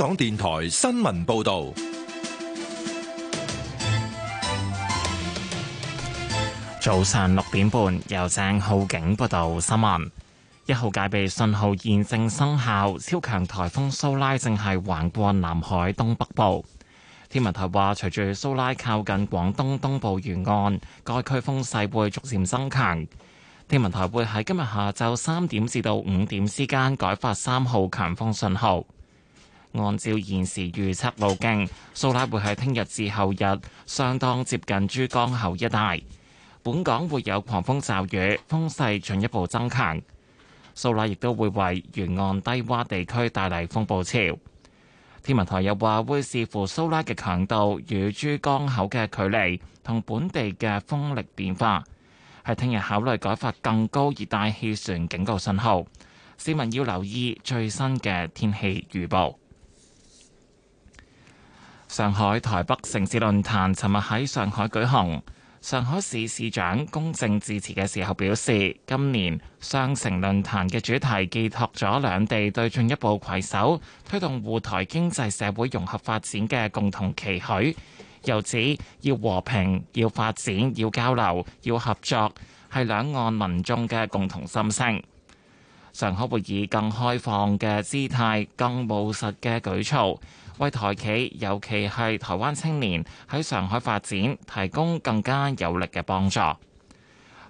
香港電台新聞報道，早上六點半由鄭浩景報道新聞。一號戒備信號現正生效，超強颱風蘇拉正係橫過南海東北部。天文台話，隨住蘇拉靠近廣東東部沿岸，該區風勢會逐漸增強。天文台會喺今日下晝三點至到五點之間改發三號強風信號。按照現時預測路徑，蘇拉會喺聽日至後日相當接近珠江口一帶。本港會有狂風驟雨，風勢進一步增強。蘇拉亦都會為沿岸低洼地區帶嚟風暴潮。天文台又話會視乎蘇拉嘅強度、與珠江口嘅距離同本地嘅風力變化，喺聽日考慮改發更高熱帶氣旋警告信號。市民要留意最新嘅天氣預報。上海台北城市論壇尋日喺上海舉行，上海市市長公正致辭嘅時候表示，今年雙城論壇嘅主題寄託咗兩地對進一步攜手推動滬台經濟社會融合發展嘅共同期許，又指要和平、要發展、要交流、要合作，係兩岸民眾嘅共同心聲，上海會以更開放嘅姿態、更務實嘅舉措為台企，尤其係台灣青年喺上海發展，提供更加有力嘅幫助。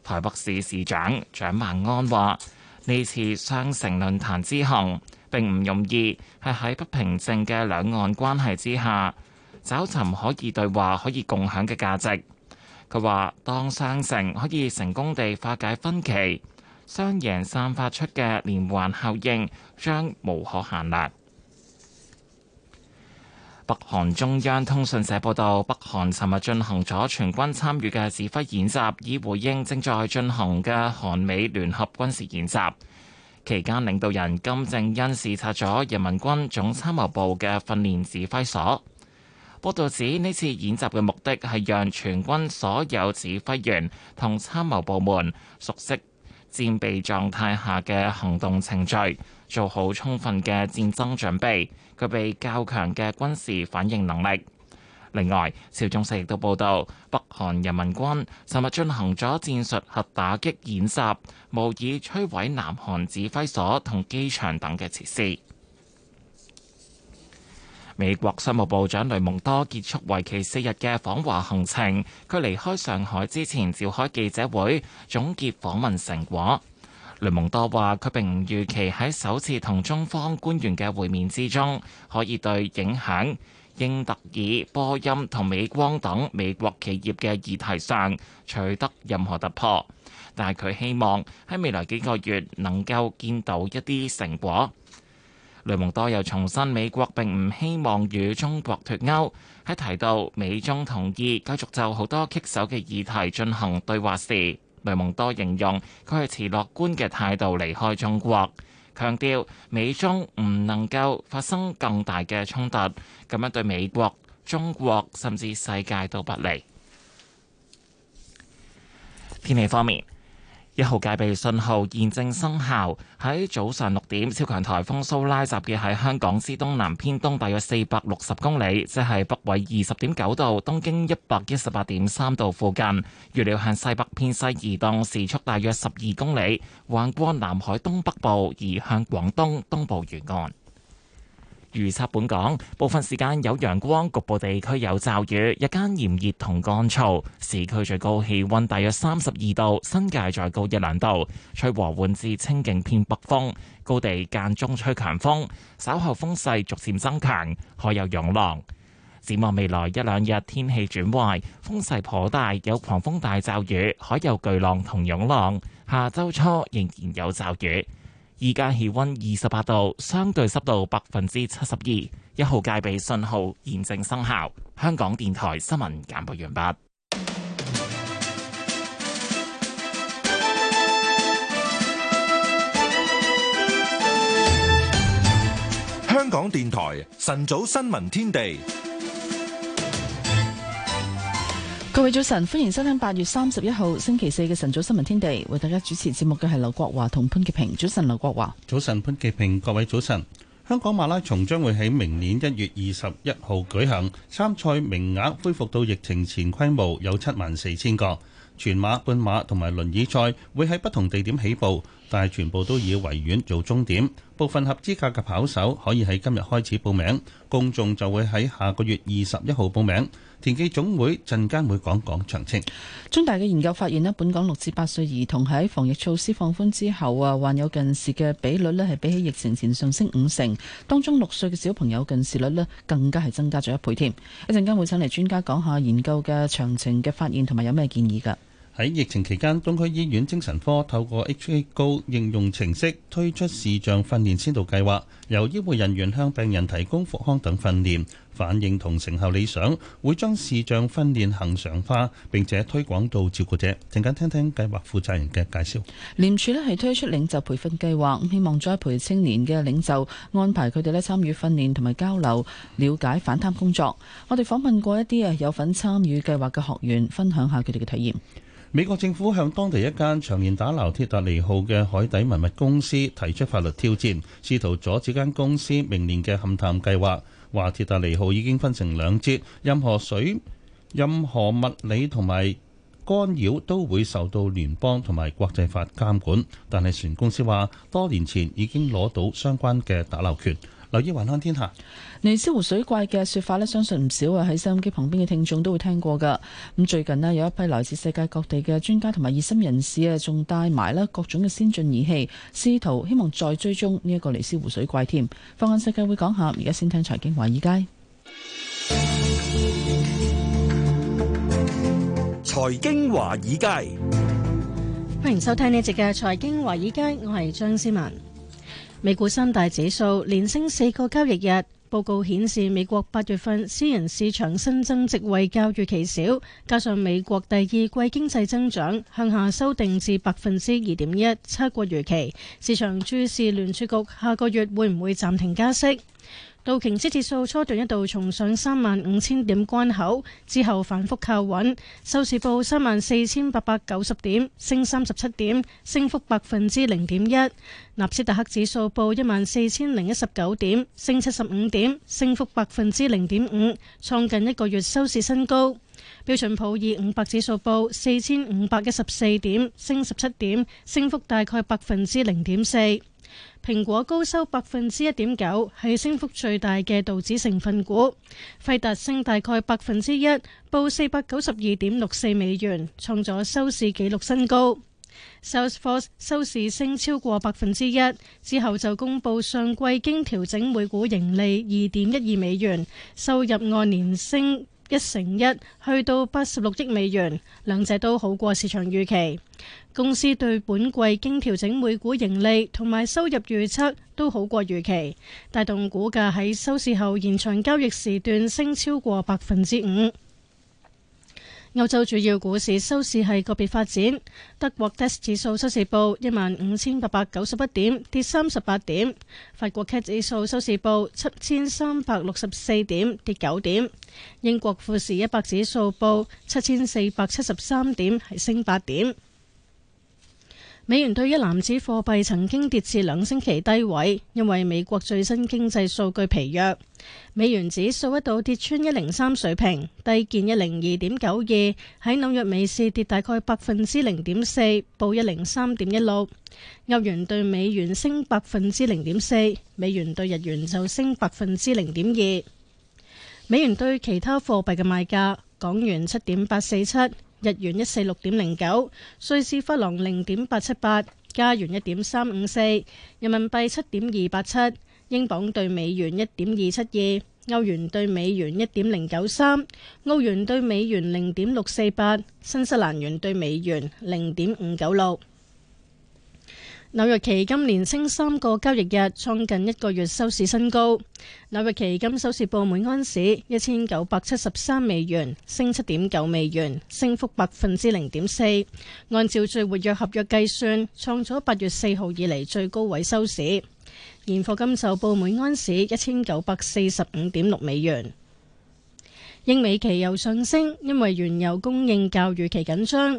台北市市長蔣萬安話：呢次雙城論壇之行並唔容易，係喺不平靜嘅兩岸關係之下，找尋可以對話、可以共享嘅價值。佢話：當雙城可以成功地化解分歧，雙贏散發出嘅連環效應將無可限量。北韓中央通訊社報導，北韓尋日進行咗全軍參與嘅指揮演習，以回應正在進行嘅韓美聯合軍事演習。期間，領導人金正恩視察咗人民軍總參謀部嘅訓練指揮所。報導指，呢次演習嘅目的係讓全軍所有指揮員同參謀部門熟悉戰備狀態下嘅行動程序，做好充分嘅戰爭準備，具備較強嘅軍事反應能力。另外，朝中社亦都報道，北韓人民軍尋日進行咗戰術核打擊演習，無意摧毀南韓指揮所同機場等嘅設施。美國商務部長雷蒙多結束為期四日嘅訪華行程，佢離開上海之前召開記者會總結訪問成果。雷蒙多話：佢並唔預期喺首次同中方官員嘅會面之中，可以對影響英特爾、波音同美光等美國企業嘅議題上取得任何突破，但係佢希望喺未來幾個月能夠見到一啲成果。雷蒙多又重申美國並唔希望與中國脫鈎。喺提到美中同意繼續就好多棘手嘅議題進行對話時，雷蒙多形容佢係持樂觀嘅態度離開中國，強調美中唔能夠發生更大嘅衝突，咁樣對美國、中國甚至世界都不利。天氣方面，一號戒備信號現正生效。喺早上六點，超強颱風蘇拉集結喺香港之東南偏東大約四百六十公里，即係北緯二十點九度、東經一百一十八點三度附近。預料向西北偏西移動，時速大約十二公里，橫過南海東北部，移向廣東東部沿岸。預測本港部分時間有陽光，局部地區有驟雨，日間炎熱同乾燥。市區最高氣溫大約三十二度，新界再高一兩度。吹和緩至清勁偏北風，高地間中吹強風。稍後風勢逐漸增強，海有湧浪。展望未來一兩日天氣轉壞，風勢頗大，有狂風大驟雨，海有巨浪同湧浪。下周初仍然有驟雨。而家氣溫二十八度，相對濕度百分之七十二。一號戒備信號現正生效。香港電台新聞簡報完畢。香港電台晨早新聞天地。各位早晨，歡迎收聽八月三十一號星期四嘅晨早新聞天地，為大家主持節目嘅係劉國華同潘潔平。早晨，劉國華。早晨，潘潔平。各位早晨，香港馬拉松將會喺明年一月二十一號舉行，參賽名額恢復到疫情前規模，有七萬四千個。全馬、半馬同埋輪椅賽會喺不同地點起步。但係全部都以維園做終點，部分合資格嘅跑手可以喺今日開始報名，公眾就會喺下個月二十一號報名。田徑總會陣間會講講詳情。中大嘅研究發現咧，本港六至八歲兒童喺防疫措施放寬之後啊，患有近視嘅比率咧係比起疫情前上升五成，當中六歲嘅小朋友近視率咧更加係增加咗一倍添。一陣間會請嚟專家講下研究嘅詳情嘅發現同埋有咩建議㗎。喺疫情期間，東區醫院精神科透過 HA Go 應用程式推出視像訓練先導計劃，由醫護人員向病人提供復康等訓練，反應同成效理想，會將視像訓練恒常化並且推廣到照顧者。陣間聽聽計劃負責人嘅介紹。廉署咧係推出領袖培訓計劃，希望再培青年嘅領袖，安排佢哋咧參與訓練同埋交流，了解反貪工作。我哋訪問過一啲啊有份參與計劃嘅學員，分享下佢哋嘅體驗。美國政府向當地一間長年打撈鐵達尼號嘅海底文物公司提出法律挑戰，試圖阻止間公司明年嘅勘探計劃。話鐵達尼號已經分成兩節，任何水、任何物理同埋干擾都會受到聯邦同埋國際法監管。但係船公司話多年前已經攞到相關嘅打撈權。留意云香天下尼斯湖水怪嘅說法咧，相信唔少啊喺收音機旁邊嘅聽眾都會聽過噶。咁最近咧，有一批來自世界各地嘅專家同埋熱心人士啊，仲帶埋咧各種嘅先進儀器，試圖希望再追蹤呢一個尼斯湖水怪添。放眼世界會講下，而家先聽財經華爾街。財經華爾街，歡迎收聽呢一節嘅財經華爾街，我係張思文。美股三大指數連升四個交易日。報告顯示，美國八月份私人市場新增職位較預期少，加上美國第二季經濟增長向下修訂至百分之二點一，差過預期。市場注視聯儲局下個月會唔會暫停加息。道瓊斯指數初段一度重上三萬五千點關口，之後反覆靠穩，收市報三萬四千八百九十點，升三十七點，升幅百分之零點一。納斯達克指數報一萬四千零一十九點，升七十五點，升幅百分之零點五，創近一個月收市新高。標準普爾五百指數報四千五百一十四點，升十七點，升幅大概百分之零點四。蘋果高收百分之一點九，係升幅最大嘅道指成分股。費達升大概百分之一，報四百九十二點六四美元，創咗收市紀錄新高。Salesforce 收市升超過百分之一，之後就公布上季經調整每股盈利二點一二美元，收入按年升，一成一去到八十六億美元，兩者都好過市場預期。公司對本季經調整每股盈利同埋收入預測都好過預期，帶動股價喺收市後延長交易時段升超過百分之五。歐洲主要股市收市係個別發展，德國 DAX 指數收市報一萬五千八百九十一點，跌三十八點；法國 CAC 指數收市報七千三百六十四點，跌九點；英國富時一百指數報七千四百七十三點，係升八點。美元兌一籃子貨幣曾經跌至兩星期低位，因為美國最新經濟數據疲弱。美元指數一度跌穿一零三水平，低見一零二點九二，喺紐約美市跌大概百分之零點四，報一零三點一六。歐元對美元升百分之零點四，美元對日元就升百分之零點二。美元對其他貨幣嘅賣價，港元七點八四七。日元一四六點零九，瑞士法郎零點八七八，加元一點三五四，人民幣七點二八七，英鎊兌美元一點二七二，歐元兌美元一點零九三，澳元兌美元零點六四八，新西蘭元兌美元零點五九六。紐約期金連升三個交易日，創近一個月收市新高。紐約期金收市報每安士一千九百七十三美元，升七點九美元，升幅百分之零點四。按照最活躍合約計算，創咗八月四號以嚟最高位收市。現貨金收報每安士一千九百四十五點六美元。英美期油上升，因為原油供應較預期緊張。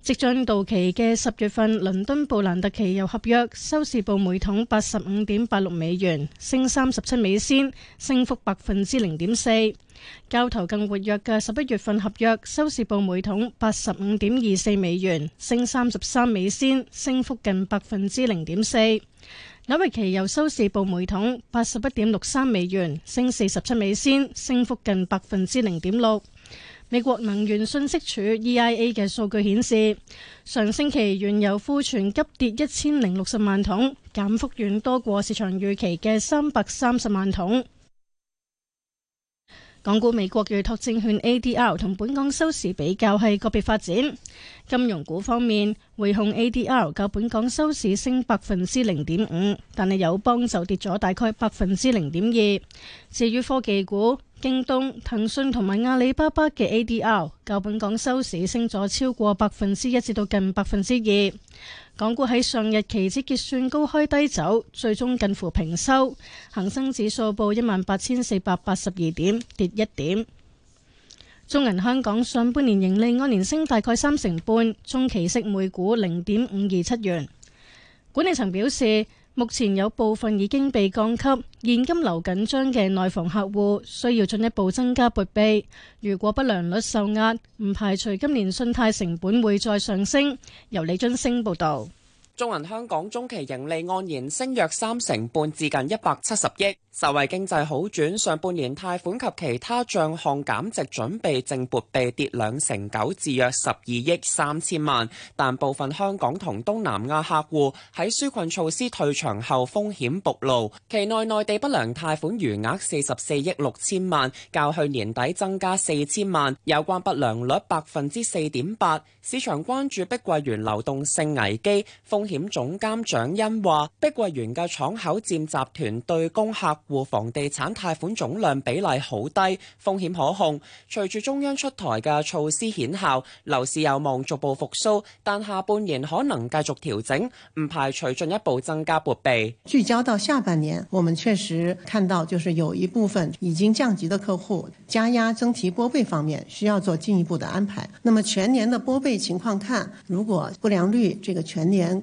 即將到期嘅十月份倫敦布蘭特期油合約收市報每桶八十五點八六美元，升三十七美仙，升幅百分之零點四。交投更活躍嘅十一月份合約收市報每桶八十五點二四美元，升三十三美仙，升幅近百分之零點四。紐約期油收市報每桶八十一點六三美元，升四十七美仙，升幅近百分之零點六。美國能源信息署 EIA 嘅數據顯示，上星期原油庫存急跌一千零六十萬桶，減幅遠多過市場預期嘅三百三十萬桶。港股美國預託證券 ADR 同本港收市比較係個別發展。金融股方面，匯控 ADR 較本港收市升百分之零點五，但係友邦就跌咗大概百分之零點二。至於科技股，京東、騰訊同埋阿里巴巴嘅 ADR 較本港收市升咗超過百分之一至到近百分之二。港股喺上日期指結算高開低走，最終近乎平收。恒生指數報一萬八千四百八十二點，跌一點。中銀香港上半年盈利按年升大概三成半，中期息每股零點五二七元。管理層表示，目前有部分已經被降級現金流緊張嘅內房客戶需要進一步增加撥備，如果不良率受壓，唔排除今年信貸成本會再上升。由李津升報道。中銀香港中期盈利按年升約三成半，至近一百七十億。受惠經濟好轉，上半年貸款及其他賬項減值準備淨撥備跌兩成九，至約十二億三千萬。但部分香港同東南亞客戶喺紓困措施退場後風險暴露，期內內地不良貸款餘額四十四億六千萬，較去年底增加四千萬。有關不良率百分之四點八。市場關注碧桂園流動性危機，風險總監蔣恩話：碧桂園嘅敞口佔集團對公客戶房地產貸款總量比例好低，風險可控。隨住中央出台嘅措施顯效，樓市有望逐步復蘇，但下半年可能繼續調整，唔排除進一步增加撥備。聚焦到下半年，我們確實看到就是有一部分已經降級的客戶加壓增提撥備方面需要做進一步的安排。那麼全年的撥備情況看，如果不良率這個全年，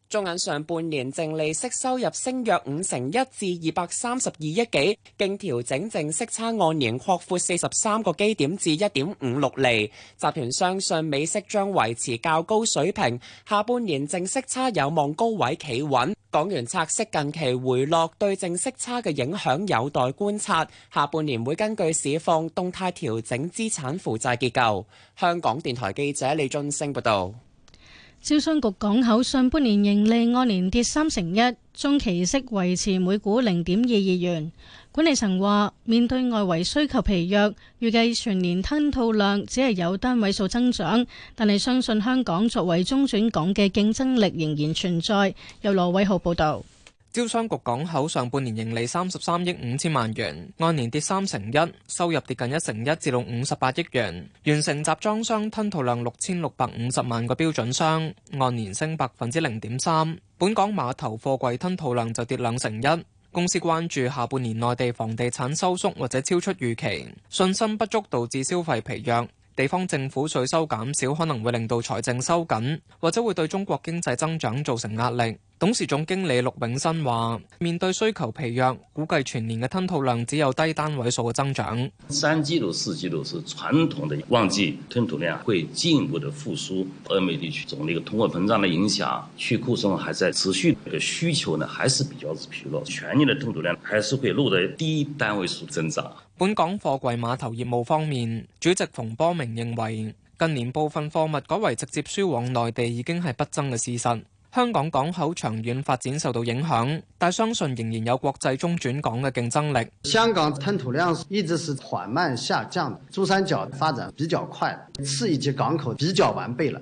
中銀上半年淨利息收入升約五成一至二百三十二億幾，經調整淨息差按年擴闊四十三個基點至一點五六厘。集團相信美息將維持較高水平，下半年淨息差有望高位企穩。港元拆息近期回落，對淨息差嘅影響有待觀察。下半年會根據市況動態調整資產負債結構。香港電台記者李津升報道。招商局港口上半年盈利按年跌三成一，中期息維持每股零點二二元。管理層話，面對外圍需求疲弱，預計全年吞吐量只係有單位數增長，但係相信香港作為中轉港嘅競爭力仍然存在。由羅偉浩報道。招商局港口上半年盈利三十三億五千萬元，按年跌三成一，收入跌近一成一，至到五十八億元，完成集裝箱吞吐量六千六百五十萬個標準箱，按年升百分之零點三。本港碼頭貨櫃吞吐量就跌兩成一。公司關注下半年內地房地產收縮或者超出預期，信心不足導致消費疲弱，地方政府稅收減少可能會令到財政收緊，或者會對中國經濟增長造成壓力。董事總經理陸永新話，面對需求疲弱，估計全年嘅吞吐量只有低單位數嘅增長。三季度、四季度是傳統的旺季，吞吐量會進一步的復甦。歐美地區受呢個通貨膨脹嘅影響，去庫存還在持續，那個需求呢還是比較是疲弱，全年嘅吞吐量還是會落在低單位數增長。本港貨櫃碼頭業務方面，主席馮波明認為，近年部分貨物改為直接輸往內地，已經係不爭嘅事實。香港港口長遠發展受到影響，但相信仍然有國際中轉港嘅競爭力。香港吞吐量一直係緩慢下降，珠三角發展比較快，次一級港口比較完備了。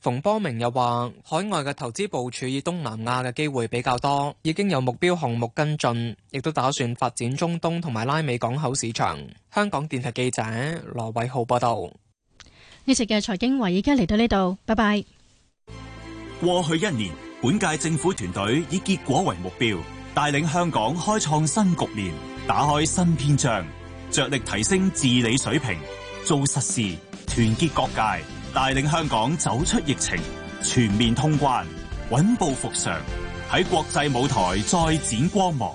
馮波明又話，海外嘅投資部署以東南亞嘅機會比較多，已經有目標項目跟進，亦都打算發展中東同埋拉美港口市場。香港電台記者羅偉浩報道。呢次嘅財經話，而家嚟到呢度，拜拜。過去一年，本屆政府團隊以結果為目標，帶領香港開創新局面，打開新篇章，着力提升治理水平，做實事，團結各界。帶領香港走出疫情，全面通關，穩步復常，喺國際舞台再展光芒。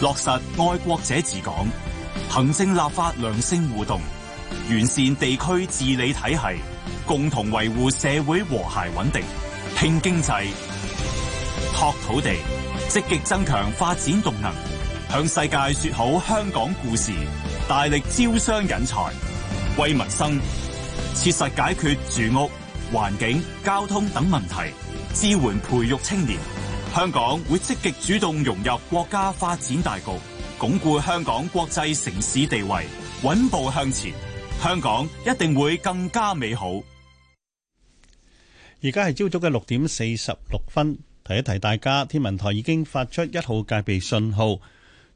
落實愛國者治港，行政立法良性互動，完善地區治理體系，共同維護社會和諧穩定。拼經濟，拓土地，積極增強發展動能，向世界說好香港故事，大力招商引才。為民生，切實解決住屋、環境、交通等問題，支援培育青年。香港會積極主動融入國家發展大局，鞏固香港國際城市地位，穩步向前。香港一定會更加美好。而家係朝早嘅六點四十六分，提一提大家，天文台已經發出一號戒備信號。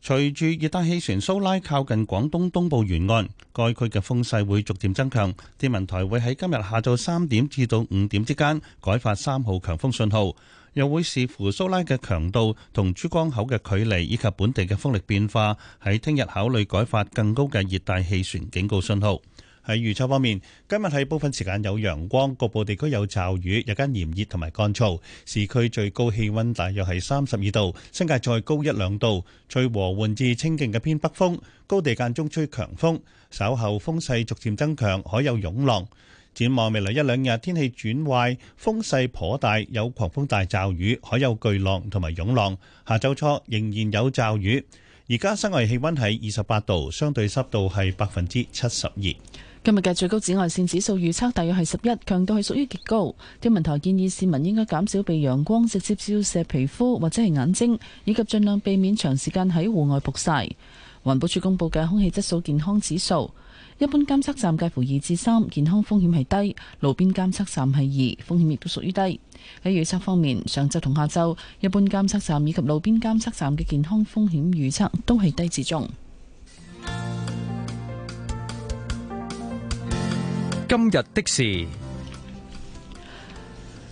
隨住熱帶氣旋蘇拉靠近廣東東部沿岸，該區嘅風勢會逐漸增強。天文台會喺今日下晝三點至到五點之間改發三號強風信號，又會視乎蘇拉嘅強度、同珠江口嘅距離以及本地嘅風力變化，喺聽日考慮改發更高嘅熱帶氣旋警告信號。喺預測方面，今日喺部分時間有陽光，局部地區有驟雨，日間炎熱同埋乾燥。市區最高氣温大約係三十二度，新界再高一兩度。吹和緩至清勁嘅偏北風，高地間中吹強風。稍後風勢逐漸增強，海有湧浪。展望未來一兩日天氣轉壞，風勢頗大，有狂風大驟雨，海有巨浪同埋湧浪。下週初仍然有驟雨。而家室外氣温係二十八度，相對濕度係百分之七十二。今日嘅最高紫外線指數預測大約係十一，強度係屬於極高。天文台建議市民應該減少被陽光直接照射皮膚或者係眼睛，以及盡量避免長時間喺戶外曝晒。環保署公布嘅空氣質素健康指數，一般監測站介乎二至三，健康風險係低；路邊監測站係二，風險亦都屬於低。喺預測方面，上晝同下晝，一般監測站以及路邊監測站嘅健康風險預測都係低至中。今日的事，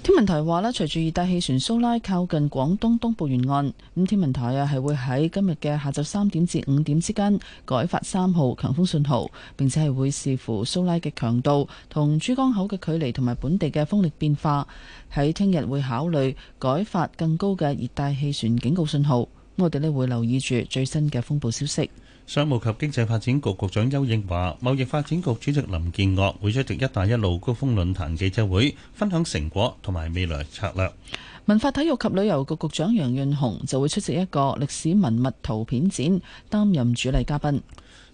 天文台話咧，隨住熱帶氣旋蘇拉靠近廣東東部沿岸，咁天文台啊係會喺今日嘅下晝三點至五點之間改發三號強風信號，並且係會視乎蘇拉嘅強度同珠江口嘅距離同埋本地嘅風力變化，喺聽日會考慮改發更高嘅熱帶氣旋警告信號。我哋咧會留意住最新嘅風暴消息。商務及經濟發展局局長丘應樺、貿易發展局主席林建岳會出席「一帶一路」高峰論壇記者會，分享成果同埋未來策略。文化體育及旅遊局局長楊潤雄就會出席一個歷史文物圖片展，擔任主禮嘉賓。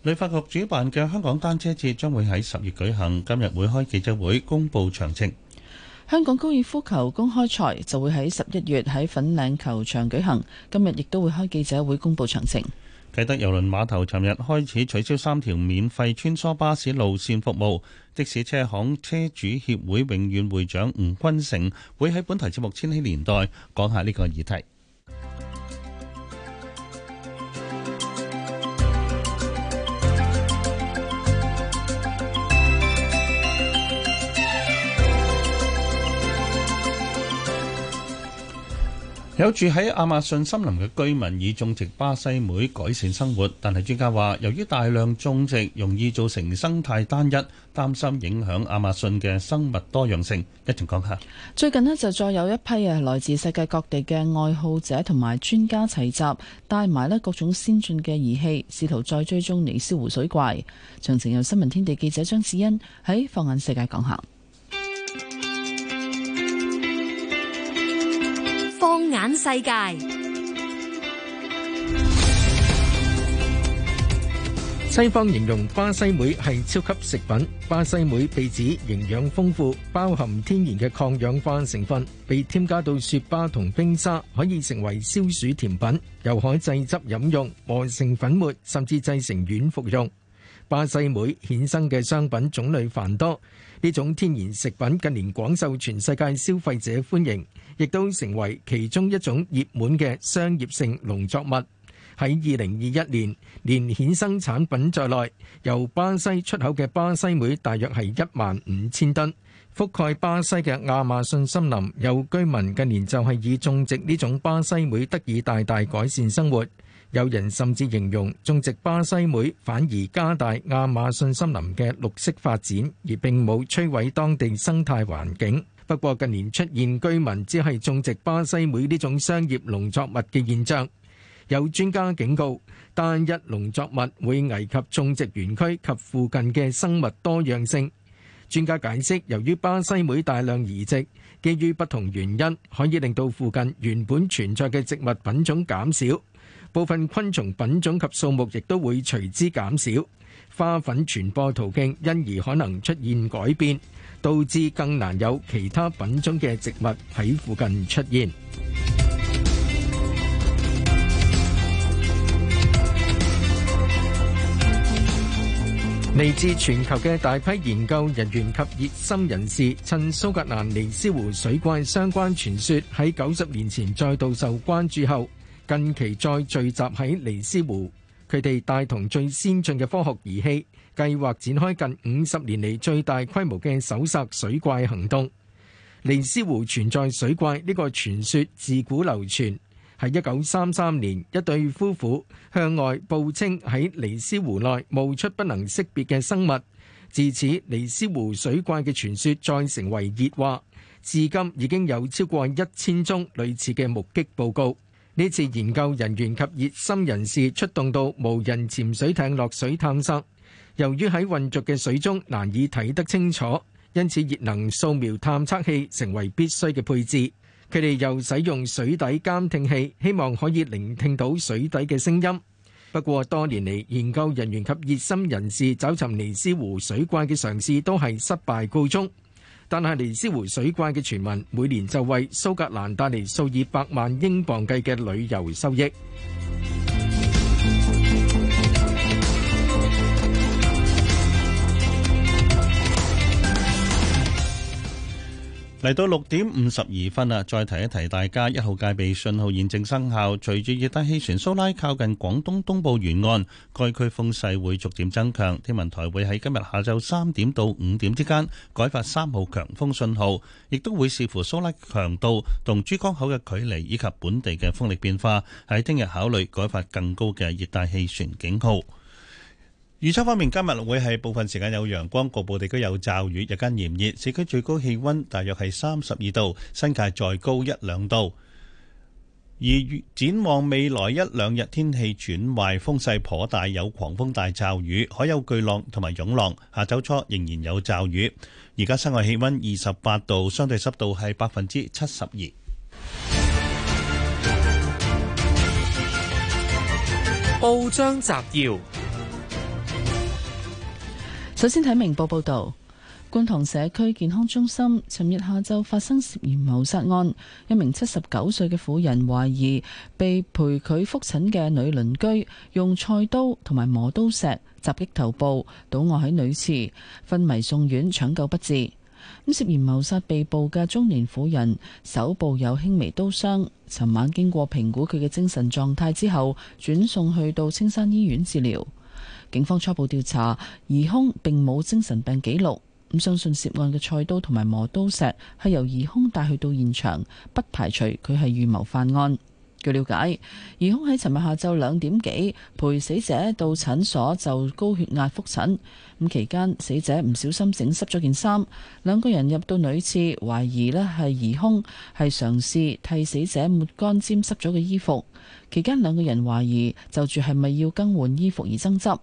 旅發局主辦嘅香港單車節將會喺十月舉行，今日會開記者會公佈詳情。香港高爾夫球公開賽就會喺十一月喺粉嶺球場舉行，今日亦都會開記者會公佈詳情。啟德郵輪碼頭尋日開始取消三條免費穿梭巴士路線服務，的士車行車主協會永遠會長吳君成會喺本台節目《千禧年代》講下呢個議題。有住喺亞馬遜森林嘅居民以種植巴西莓改善生活，但係專家話，由於大量種植，容易造成生態單一，擔心影響亞馬遜嘅生物多樣性。一齊講一下。最近呢，就再有一批啊來自世界各地嘅愛好者同埋專家齊集，帶埋呢各種先進嘅儀器，試圖再追蹤尼斯湖水怪。詳情由新聞天地記者張子欣喺放眼世界講下。眼世界。西方形容巴西莓係超級食品，巴西莓被指營養豐富，包含天然嘅抗氧化成分，被添加到雪芭同冰沙，可以成為消暑甜品，又可製汁飲用，磨成粉末，甚至製成軟服用。巴西莓衍生嘅商品種類繁多。呢種天然食品近年廣受全世界消費者歡迎，亦都成為其中一種熱門嘅商業性農作物。喺二零二一年，連衍生產品在內，由巴西出口嘅巴西莓大約係一萬五千噸，覆蓋巴西嘅亞馬遜森林，有居民近年就係以種植呢種巴西莓得以大大改善生活。有人甚至形容種植巴西莓反而加大亞馬遜森林嘅綠色發展，而並冇摧毀當地生態環境。不過近年出現居民只係種植巴西莓呢種商業農作物嘅現象，有專家警告單一農作物會危及種植園區及附近嘅生物多樣性。專家解釋，由於巴西莓大量移植，基於不同原因，可以令到附近原本存在嘅植物品種減少。部分昆蟲品種及數目亦都會隨之減少，花粉傳播途徑因而可能出現改變，導致更難有其他品種嘅植物喺附近出現。嚟自全球嘅大批研究人員及熱心人士，趁蘇格蘭尼斯湖水怪相關傳說喺九十年前再度受關注後，近期再聚集喺尼斯湖，佢哋帶同最先進嘅科學儀器，計劃展開近五十年嚟最大規模嘅搜殺水怪行動。尼斯湖存在水怪呢個傳說自古流傳，喺一九三三年一對夫婦向外報稱喺尼斯湖內冒出不能識別嘅生物，自此尼斯湖水怪嘅傳說再成為熱話。至今已經有超過一千宗類似嘅目擊報告。呢次研究人員及熱心人士出動到無人潛水艇落水探測，由於喺混濁嘅水中難以睇得清楚，因此熱能掃描探測器成為必須嘅配置。佢哋又使用水底監聽器，希望可以聆聽到水底嘅聲音。不過多年嚟，研究人員及熱心人士找尋尼斯湖水怪嘅嘗試都係失敗告終。但係尼斯湖水怪嘅傳聞，每年就為蘇格蘭帶嚟數以百萬英鎊計嘅旅遊收益。嚟到六點五十二分啦，再提一提大家，一號戒備信號現正生效。隨住熱帶氣旋蘇拉靠近廣東東部沿岸，該區風勢會逐漸增強。天文台會喺今日下晝三點到五點之間改發三號強風信號，亦都會視乎蘇拉強度、同珠江口嘅距離以及本地嘅風力變化，喺聽日考慮改發更高嘅熱帶氣旋警號。預測方面，今日會係部分時間有陽光，局部地區有驟雨，日間炎熱，市區最高氣溫大約係三十二度，新界再高一兩度。而展望未來一兩日天氣轉壞，風勢頗大，有狂風大驟雨，海有巨浪同埋湧浪。下周初仍然有驟雨。而家室外氣溫二十八度，相對濕度係百分之七十二。報章摘要。首先睇明報報道，觀塘社區健康中心尋日下晝發生涉嫌謀殺案，一名七十九歲嘅婦人懷疑被陪佢復診嘅女鄰居用菜刀同埋磨刀石襲擊頭部，倒臥喺女廁，昏迷送院搶救不治。咁涉嫌謀殺被捕嘅中年婦人手部有輕微刀傷，尋晚經過評估佢嘅精神狀態之後，轉送去到青山醫院治療。警方初步調查，疑兇並冇精神病記錄。咁相信涉案嘅菜刀同埋磨刀石係由疑兇帶去到現場，不排除佢係預謀犯案。據了解，疑兇喺尋日下晝兩點幾陪死者到診所就高血壓覆診。咁期間死者唔小心整濕咗件衫，兩個人入到女廁，懷疑呢係疑兇係嘗試替死者抹乾沾濕咗嘅衣服。期間兩個人懷疑就住係咪要更換衣服而爭執。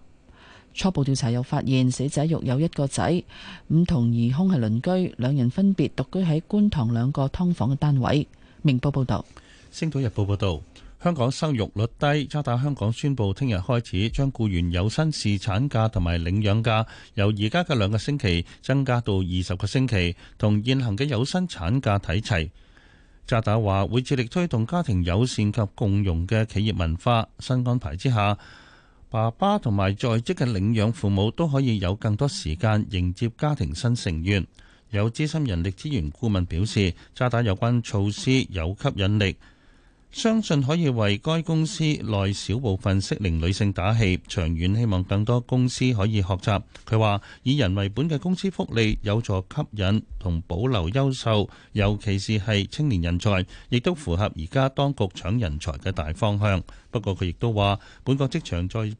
初步調查又發現，死者育有一個仔，唔同疑兇係鄰居，兩人分別獨居喺觀塘兩個劏房嘅單位。明報報道。《星島日報》報道，香港生育率低，渣打香港宣布，聽日開始將僱員有薪侍產假同埋領養假，由而家嘅兩個星期增加到二十個星期，同現行嘅有薪產假睇齊。渣打話會致力推動家庭友善及共融嘅企業文化。新安排之下，爸爸同埋在職嘅領養父母都可以有更多時間迎接家庭新成員。有資深人力資源顧問表示，渣打有關措施有吸引力，相信可以為該公司內少部分適齡女性打氣。長遠希望更多公司可以學習。佢話：以人為本嘅公司福利有助吸引同保留優秀，尤其是係青年人才，亦都符合而家當局搶人才嘅大方向。不過佢亦都話，本國職場在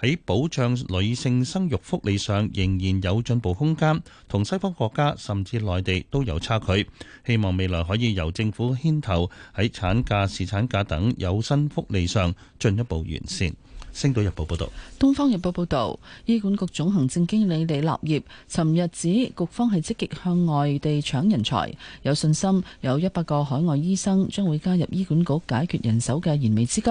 喺保障女性生育福利上仍然有進步空間，同西方國家甚至內地都有差距。希望未來可以由政府牽頭，喺產假、侍產假等有薪福利上進一步完善。星島日報報道，東方日報報道，醫管局總行政經理李立業尋日指，局方係積極向外地搶人才，有信心有一百個海外醫生將會加入醫管局，解決人手嘅燃眉之急。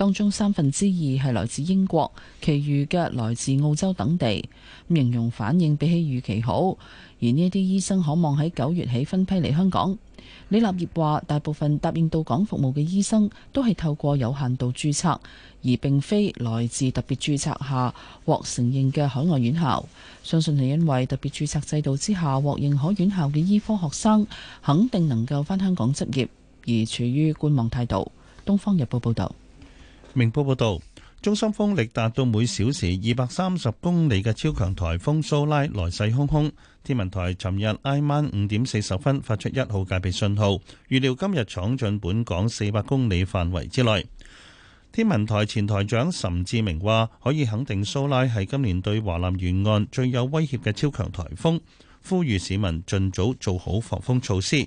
當中三分之二係來自英國，其餘嘅來自澳洲等地。咁形容反應比起預期好，而呢啲醫生可望喺九月起分批嚟香港。李立業話：大部分答應到港服務嘅醫生都係透過有限度註冊，而並非來自特別註冊下獲承認嘅海外院校。相信係因為特別註冊制度之下獲認可院校嘅醫科學生肯定能夠返香港執業，而處於觀望態度。《東方日報》報道。明報報道，中心風力達到每小時二百三十公里嘅超強颱風蘇拉來勢洶洶。天文台尋日挨晚五點四十分發出一號戒備信號，預料今日闖進本港四百公里範圍之內。天文台前台長岑志明話，可以肯定蘇拉係今年對華南沿岸最有威脅嘅超強颱風，呼籲市民盡早做好防風措施。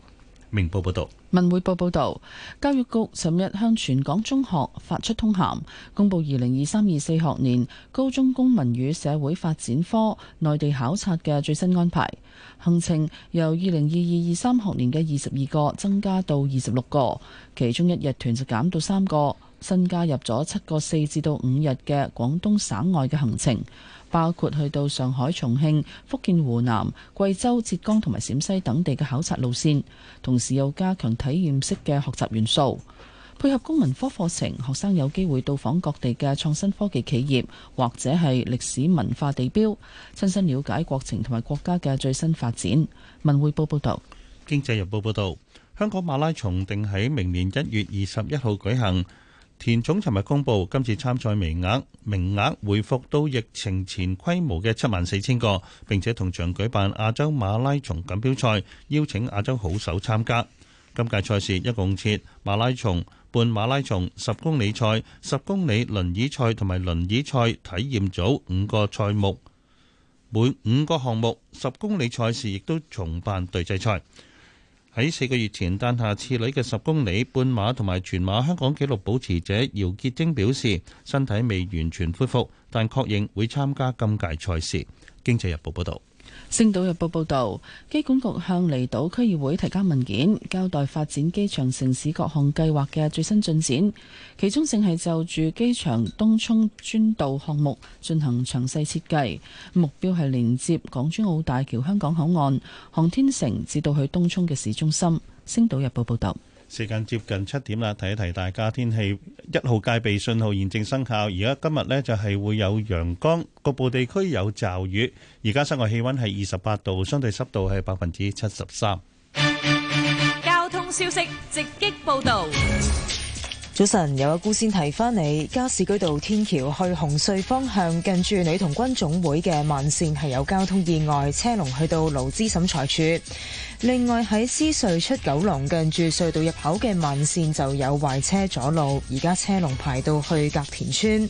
明報報道，文匯報報道，教育局尋日向全港中學發出通函，公布二零二三二四學年高中公民與社會發展科內地考察嘅最新安排。行程由二零二二二三學年嘅二十二個增加到二十六個，其中一日團就減到三個，新加入咗七個四至到五日嘅廣東省外嘅行程。包括去到上海、重慶、福建、湖南、貴州、浙江同埋陝西等地嘅考察路線，同時又加強體驗式嘅學習元素，配合公民科課程，學生有機會到訪各地嘅創新科技企業或者係歷史文化地標，親身了解國情同埋國家嘅最新發展。文匯報報道，經濟日報報道，香港馬拉松定喺明年一月二十一號舉行。田總尋日公布，今次參賽名額名額回復到疫情前規模嘅七萬四千個，並且同場舉辦亞洲馬拉松錦標賽，邀請亞洲好手參加。今屆賽事一共設馬拉松、半馬拉松、十公里賽、十公里輪椅賽同埋輪椅賽體驗組五個賽目，每五個項目十公里賽事亦都重辦對制賽。喺四個月前誕下次女嘅十公里半馬同埋全馬香港紀錄保持者姚潔貞表示，身體未完全恢復，但確認會參加今屆賽事。經濟日報報導。星島日報報道，機管局向離島區議會提交文件，交代發展機場城市各項計劃嘅最新進展，其中正係就住機場東涌專道項目進行詳細設計，目標係連接港珠澳大橋香港口岸、航天城至到去東涌嘅市中心。星島日報報道。時間接近七點啦，提一提大家天氣一號戒備信號現正生效。而家今日呢，就係會有陽光，局部地區有驟雨。而家室外氣溫係二十八度，相對濕度係百分之七十三。交通消息，直擊報道。早晨，有有個先提翻你，加士居道天橋去紅隧方向，近住女童軍總會嘅慢線係有交通意外，車龍去到勞資審裁處。另外喺獅隧出九龍近住隧道入口嘅慢線就有壞車阻路，而家車龍排到去隔田村。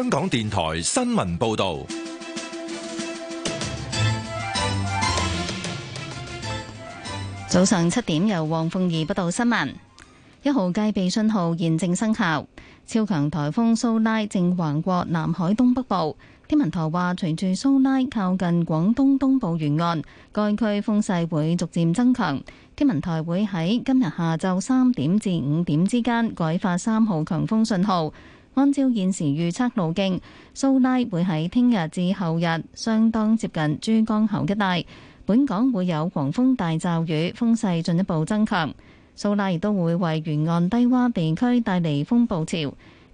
香港電台新聞報道，早上七點由黃鳳儀報道新聞。一號戒備信號現正生效，超強台風蘇拉正橫過南海東北部。天文台話，隨住蘇拉靠近廣東東部沿岸，該區風勢會逐漸增強。天文台會喺今日下晝三點至五點之間改發三號強風信號。按照現時預測路徑，蘇拉會喺聽日至後日相當接近珠江口一帶，本港會有狂風大驟雨，風勢進一步增強。蘇拉亦都會為沿岸低洼地區帶嚟風暴潮。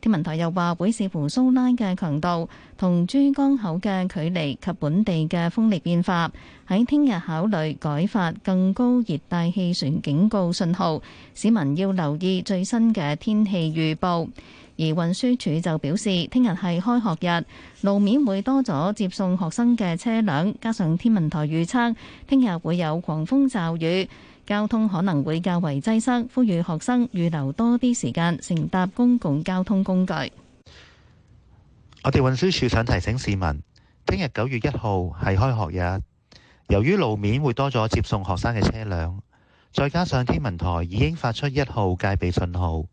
天文台又話會視乎蘇拉嘅強度、同珠江口嘅距離及本地嘅風力變化，喺聽日考慮改發更高熱帶氣旋警告信號。市民要留意最新嘅天氣預報。而運輸署就表示，聽日係開學日，路面會多咗接送學生嘅車輛，加上天文台預測聽日會有狂風驟雨，交通可能會較為擠塞，呼籲學生預留多啲時間乘搭公共交通工具。我哋運輸署想提醒市民，聽日九月一號係開學日，由於路面會多咗接送學生嘅車輛，再加上天文台已經發出一號戒備信號。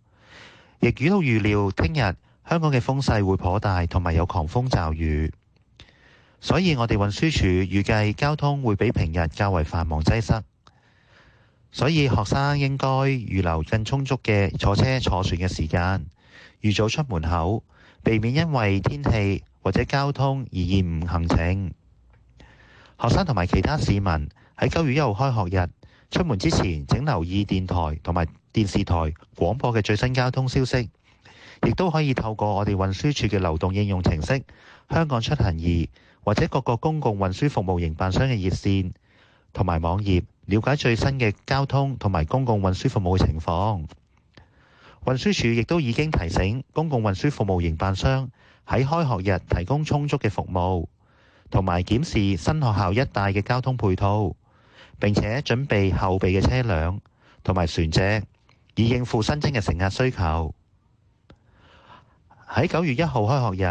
亦都預料，聽日香港嘅風勢會頗大，同埋有狂風驟雨，所以我哋運輸署預計交通會比平日較為繁忙擠塞，所以學生應該預留更充足嘅坐車坐船嘅時間，預早出門口，避免因為天氣或者交通而延誤行程。學生同埋其他市民喺九月一號開學日出門之前，請留意電台同埋電視台廣播嘅最新交通消息，亦都可以透過我哋運輸署嘅流動應用程式《香港出行易》，或者各個公共運輸服務營辦商嘅熱線同埋網頁，了解最新嘅交通同埋公共運輸服務嘅情況。運輸署亦都已經提醒公共運輸服務營辦商喺開學日提供充足嘅服務，同埋檢視新學校一帶嘅交通配套，並且準備後備嘅車輛同埋船隻。以應付新增嘅乘客需求。喺九月一號開學日，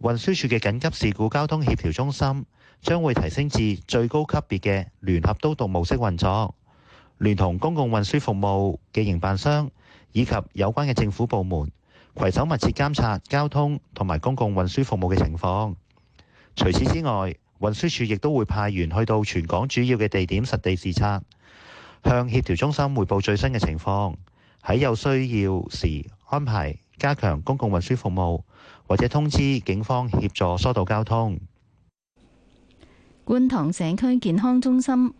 運輸署嘅緊急事故交通協調中心將會提升至最高級別嘅聯合都獨模式運作，聯同公共運輸服務嘅營辦商以及有關嘅政府部門，攜手密切監察交通同埋公共運輸服務嘅情況。除此之外，運輸署亦都會派員去到全港主要嘅地點實地視察。向協調中心彙報最新嘅情況，喺有需要時安排加強公共運輸服務，或者通知警方協助疏導交通。觀塘社區健康中心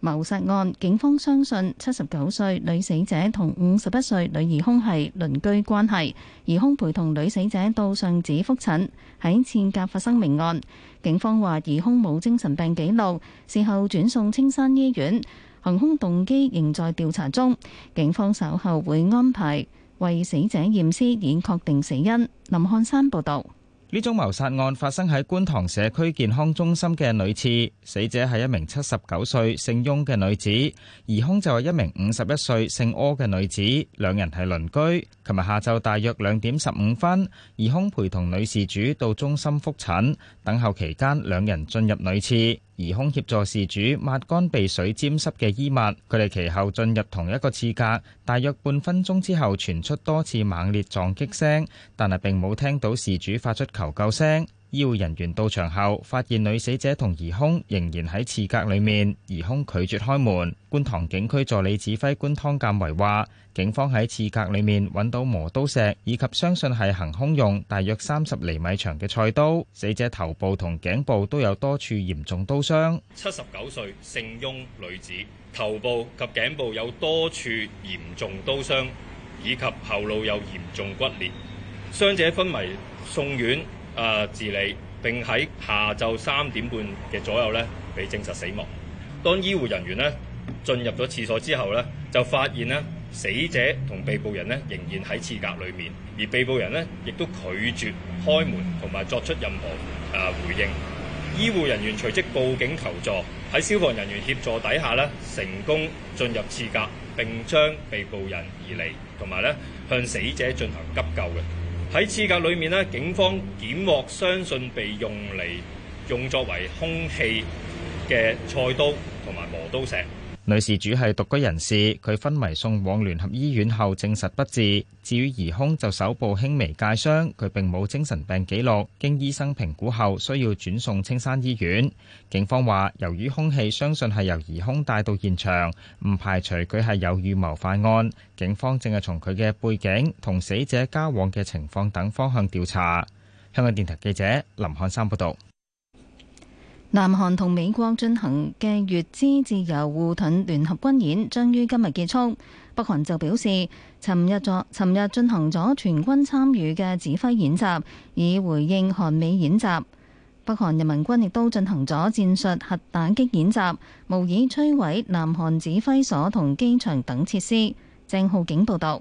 謀殺案，警方相信七十九歲女死者同五十一歲女疑兇係鄰居關係，疑兇陪同女死者到上址覆診，喺前格發生命案。警方話疑兇冇精神病記錄，事後轉送青山醫院。行兇動機仍在調查中，警方稍後會安排為死者驗屍，以確定死因。林漢山報導，呢宗謀殺案發生喺觀塘社區健康中心嘅女廁，死者係一名七十九歲姓翁嘅女子，疑兇就係一名五十一歲姓柯嘅女子，兩人係鄰居。琴日下晝大約兩點十五分，疑兇陪同女事主到中心覆診，等候期間兩人進入女廁。疑兇協助事主抹乾被水沾濕嘅衣物，佢哋其後進入同一個廁格，大約半分鐘之後傳出多次猛烈撞擊聲，但係並冇聽到事主發出求救聲。醫護人員到場後，發現女死者同疑兇仍然喺廁格裏面。疑兇拒絕開門。觀塘警區助理指揮官湯鑑維話，警方喺廁格裏面揾到磨刀石以及相信係行兇用，大約三十厘米長嘅菜刀。死者頭部同頸部都有多處嚴重刀傷。七十九歲姓翁女子頭部及頸部有多處嚴重刀傷，以及後腦有嚴重骨裂。傷者昏迷，送院。啊！治理、呃、並喺下晝三點半嘅左右咧，被證實死亡。當醫護人員咧進入咗廁所之後咧，就發現咧死者同被捕人咧仍然喺廁格裏面，而被捕人咧亦都拒絕開門同埋作出任何啊、呃、回應。醫護人員隨即報警求助，喺消防人員協助底下咧，成功進入廁格，並將被捕人移離，同埋咧向死者進行急救嘅。喺私宅裏面咧，警方檢獲相信被用嚟用作為兇器嘅菜刀同埋磨刀石。女事主係獨居人士，佢昏迷送往聯合醫院後證實不治。至於疑兇就手部輕微介傷，佢並冇精神病記錄。經醫生評估後，需要轉送青山醫院。警方話，由於兇器相信係由疑兇帶到現場，唔排除佢係有預謀犯案。警方正係從佢嘅背景、同死者交往嘅情況等方向調查。香港電台記者林漢山報道。南韓同美國進行嘅乙支自由護盾聯合軍演將於今日結束。北韓就表示，尋日作尋日進行咗全軍參與嘅指揮演習，以回應韓美演習。北韓人民軍亦都進行咗戰術核打擊演習，模擬摧毀南韓指揮所同機場等設施。鄭浩景報道。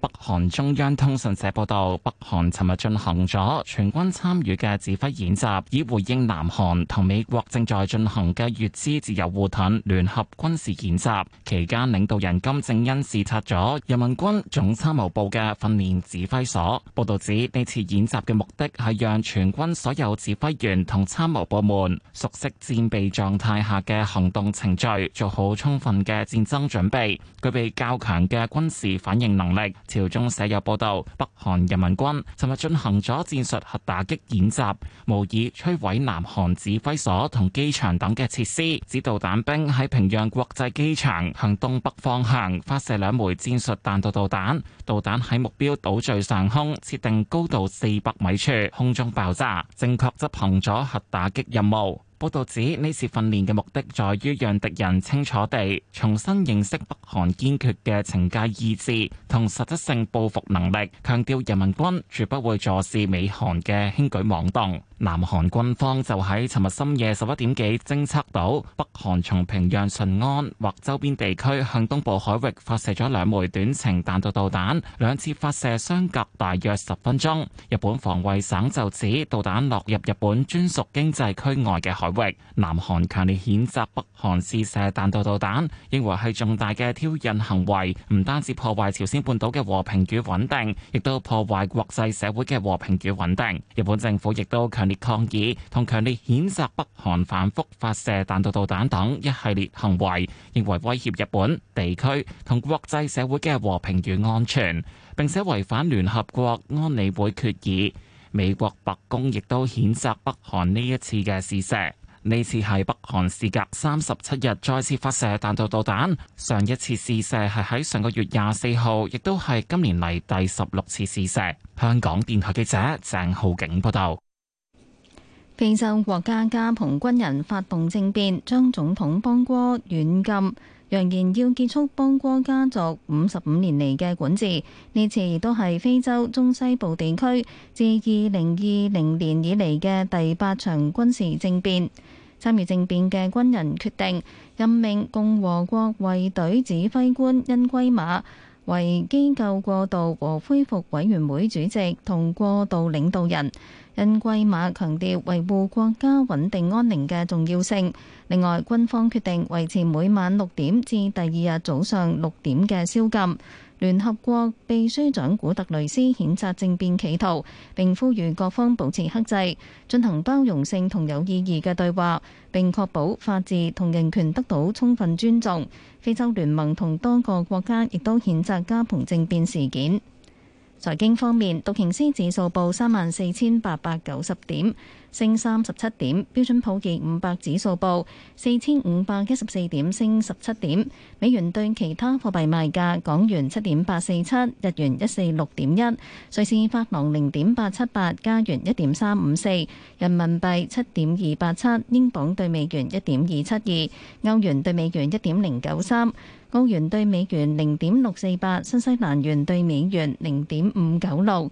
北韓中央通訊社報導，北韓尋日進行咗全軍參與嘅指揮演習，以回應南韓同美國正在進行嘅乙支自由護盾聯合軍事演習。期間，領導人金正恩視察咗人民軍總參謀部嘅訓練指揮所。報導指，呢次演習嘅目的係讓全軍所有指揮員同參謀部門熟悉戰備狀態下嘅行動程序，做好充分嘅戰爭準備，具備較強嘅軍事反應能力。朝中社有報道，北韓人民軍尋日進行咗戰術核打擊演習，模擬摧毀南韓指揮所同機場等嘅設施。指導彈兵喺平壤國際機場向東北方向發射兩枚戰術彈道導彈，導彈喺目標島嶼上空設定高度四百米處空中爆炸，正確執行咗核打擊任務。報導指呢次訓練嘅目的，在於讓敵人清楚地重新認識北韓堅決嘅懲戒意志同實質性報復能力，強調人民軍絕不會坐視美韓嘅輕舉妄動。南韓軍方就喺尋日深夜十一點幾偵測到北韓從平壤順安或周邊地區向東部海域發射咗兩枚短程彈道導彈，兩次發射相隔大約十分鐘。日本防衛省就指導彈落入日本專屬經濟區外嘅海域。南韓強烈譴責北韓試射彈道導彈，認為係重大嘅挑釁行為，唔單止破壞朝鮮半島嘅和平與穩定，亦都破壞國際社會嘅和平與穩定。日本政府亦都強抗議同強烈譴責北韓反覆發射彈道導彈等一系列行為，認為威脅日本地區同國際社會嘅和平與安全，並且違反聯合國安理會決議。美國白宮亦都譴責北韓呢一次嘅試射。呢次係北韓事隔三十七日再次發射彈道導彈，上一次試射係喺上個月廿四號，亦都係今年嚟第十六次試射。香港電台記者鄭浩景報道。非洲國家加蓬軍人發動政變，將總統邦戈軟禁，揚言要結束邦戈家族五十五年嚟嘅管治。呢次都係非洲中西部地區自二零二零年以嚟嘅第八場軍事政變。參與政變嘅軍人決定任命共和國衛隊指揮官恩圭馬為機構過渡和恢復委員會主席同過渡領導人。恩圭馬強調維護國家穩定安寧嘅重要性。另外，軍方決定維持每晚六點至第二日早上六點嘅宵禁。聯合國秘書長古特雷斯譴責政變企圖，並呼籲各方保持克制，進行包容性同有意義嘅對話，並確保法治同人權得到充分尊重。非洲聯盟同多個國家亦都譴責加蓬政變事件。財經方面，道瓊斯指數報三萬四千八百九十點，升三十七點，標準普爾五百指數報四千五百一十四點，升十七點。美元對其他貨幣賣價：港元七點八四七，日元一四六點一，瑞士法郎零點八七八，加元一點三五四，人民幣七點二八七，英鎊對美元一點二七二，歐元對美元一點零九三，澳元對美元零點六四八，新西蘭元對美元零點五九六。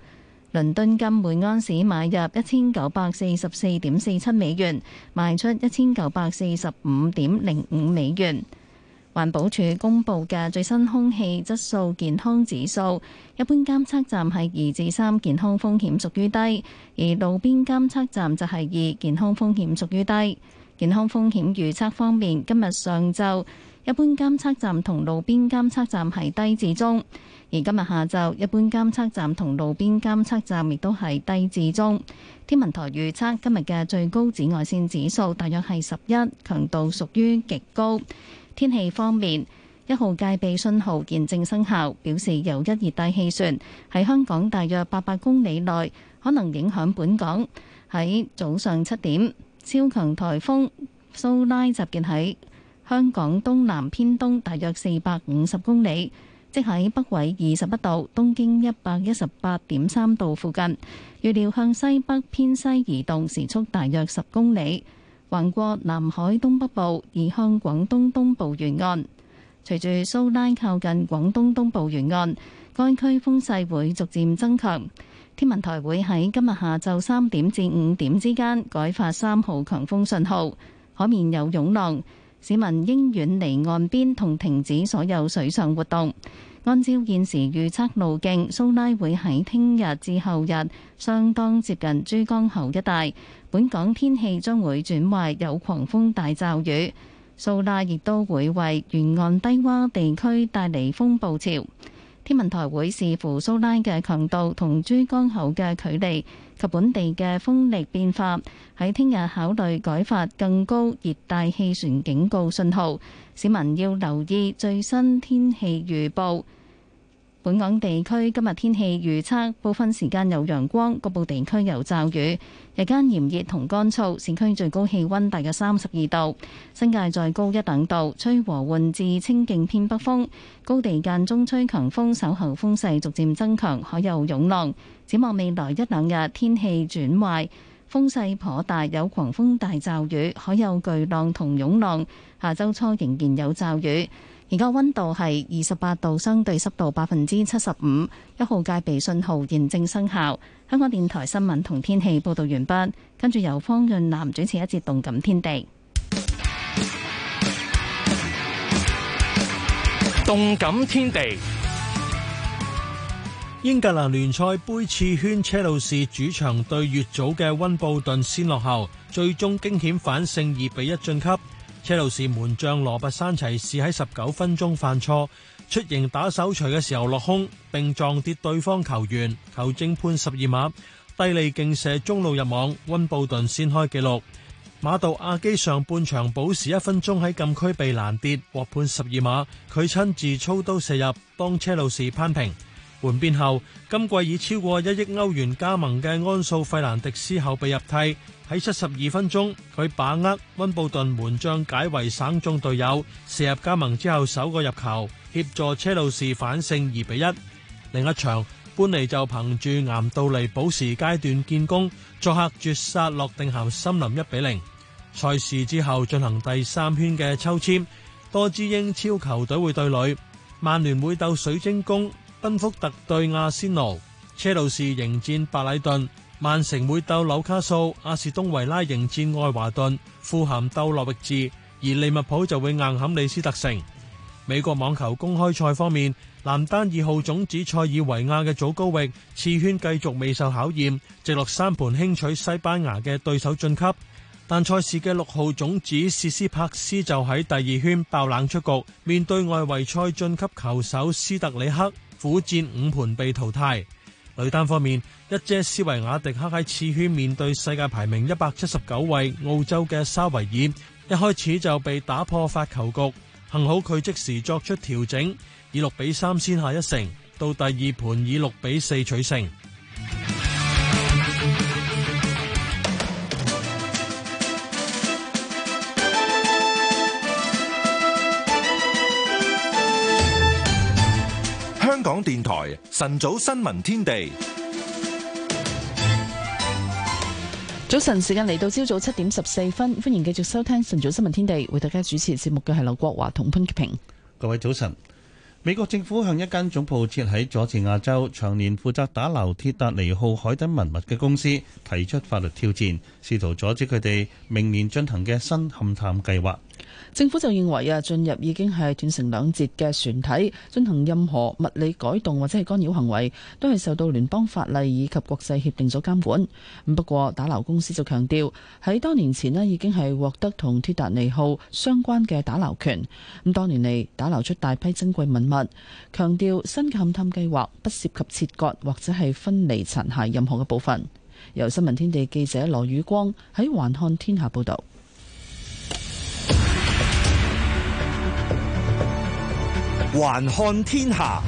倫敦金每安士買入一千九百四十四點四七美元，賣出一千九百四十五點零五美元。環保署公布嘅最新空氣質素健康指數，一般監測站係二至三，健康風險屬於低；而路邊監測站就係二，健康風險屬於低。健康風險預測方面，今日上晝。一般監測站同路邊監測站係低至中，而今日下晝一般監測站同路邊監測站亦都係低至中。天文台預測今日嘅最高紫外綫指數大約係十一，強度屬於極高。天氣方面，一號戒備信號現正生效，表示有一熱帶氣旋喺香港大約八百公里內可能影響本港。喺早上七點，超強颱風蘇拉集結喺，香港東南偏東，大約四百五十公里，即喺北緯二十一度、東經一百一十八點三度附近。預料向西北偏西移動，時速大約十公里，橫過南海東北部，移向廣東東部沿岸。隨住蘇拉靠近廣東東部沿岸，該區風勢會逐漸增強。天文台會喺今日下晝三點至五點之間改發三號強風信號，海面有湧浪。市民應遠離岸邊同停止所有水上活動。按照現時預測路徑，蘇拉會喺聽日至後日相當接近珠江口一帶。本港天氣將會轉壞，有狂風大驟雨，蘇拉亦都會為沿岸低窪地區帶嚟風暴潮。天文台會視乎蘇拉嘅強度同珠江口嘅距離及本地嘅風力變化，喺聽日考慮改發更高熱帶氣旋警告信號，市民要留意最新天氣預報。本港地區今日天氣預測，部分時間有陽光，局部地區有驟雨。日間炎熱同乾燥，市區最高氣温大約三十二度，新界再高一兩度，吹和緩至清勁偏北風，高地間中吹強風。稍後風勢逐漸增強，可有湧浪。展望未來一兩日天氣轉壞，風勢頗大，有狂風大驟雨，可有巨浪同湧浪。下周初仍然有驟雨。而家溫度係二十八度，相對濕度百分之七十五。一號戒備信號現正生效。香港電台新聞同天氣報道完畢。跟住由方潤南主持一節動感天地。動感天地。天地英格蘭聯賽盃次圈車路士主場對乙組嘅溫布頓先落後，最終驚險反勝二比一晉級。車路士門將羅伯山騎士喺十九分鐘犯錯，出迎打手錘嘅時候落空，並撞跌對方球員，球證判十二碼。蒂利勁射中路入網，溫布頓先開紀錄。馬度亞基上半場保持一分鐘喺禁區被攔跌，獲判十二碼，佢親自操刀射入，當車路士攀平。換邊後，今季以超過一億歐元加盟嘅安素費蘭迪斯後備入替，喺七十二分鐘，佢把握溫布頓門將解圍，省中隊友射入加盟之後首個入球，協助車路士反勝二比一。另一場，般尼就憑住岩杜尼補時階段建功，作客絕殺諾定咸森林一比零。賽事之後進行第三圈嘅抽籤，多支英超球隊會對壘，曼聯會鬥水晶宮。奔福特對阿仙奴，車路士迎戰白禮頓，曼城會鬥紐卡素，阿士東維拉迎戰愛華頓，富咸鬥諾域治，而利物浦就會硬撼李斯特城。美國網球公開賽方面，男單二號種子塞爾維亞嘅祖高域次圈繼續未受考驗，直落三盤輕取西班牙嘅對手晉級。但賽事嘅六號種子切斯帕斯就喺第二圈爆冷出局，面對外圍賽晉級球，球手斯，斯特里克，苦戰五盤被淘汰。女單方面，一姐斯維亞迪克喺次圈面對世界排名一百七十九位澳洲嘅沙維爾，一開始就被打破發球局，幸好佢即時作出調整，以六比三先下一城，到第二盤以六比四取勝。電台晨早新聞天地，早晨時間嚟到朝早七點十四分，歡迎繼續收聽晨早新聞天地，為大家主持節目嘅係劉國華同潘潔平。各位早晨，美國政府向一間總部設喺佐治亞州、長年負責打撈鐵達尼號海底文物嘅公司提出法律挑戰，試圖阻止佢哋明年進行嘅新勘探計劃。政府就認為啊，進入已經係斷成兩截嘅船體進行任何物理改動或者係干擾行為，都係受到聯邦法例以及國際協定所監管。不過打撈公司就強調，喺多年前咧已經係獲得同鐵達尼號相關嘅打撈權。咁多年嚟打撈出大批珍貴文物，物，強調新嘅勘探計劃不涉及切割或者係分離殘骸任何嘅部分。由新聞天地記者羅宇光喺環看天下報道。還看天下。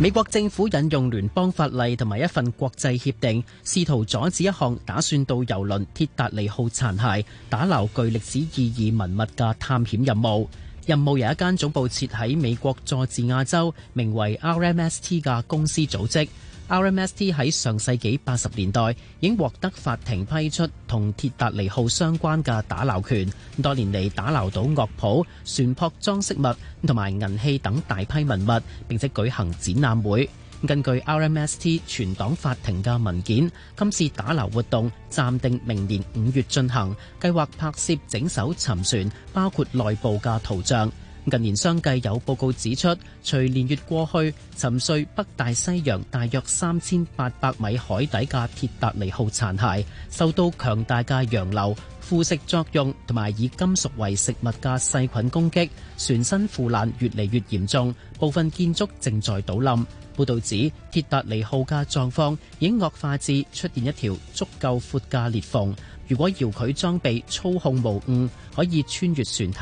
美國政府引用聯邦法例同埋一份國際協定，試圖阻止一項打算到郵輪“鐵達尼號”殘骸打撈具歷史意義文物嘅探險任務。任務由一間總部設喺美國佐治亞州、名為 RMST 嘅公司組織。RMS T 喺上世紀八十年代已經獲得法庭批出同鐵達尼號相關嘅打撈權，多年嚟打撈到樂譜、船舶裝飾物、同埋銀器等大批文物，並且舉行展覽會。根據 RMS T 全黨法庭嘅文件，今次打撈活動暫定明年五月進行，計劃拍攝整艘沉船，包括內部嘅圖像。近年相繼有報告指出，隨年月過去，沉睡北大西洋大約三千八百米海底嘅鐵達尼號殘骸，受到強大嘅洋流腐蝕作用同埋以，以金屬為食物嘅細菌攻擊，船身腐爛越嚟越嚴重，部分建築正在倒冧。報導指，鐵達尼號嘅狀況已經惡化至出現一條足夠闊嘅裂縫。如果遙距裝備操控無誤，可以穿越船體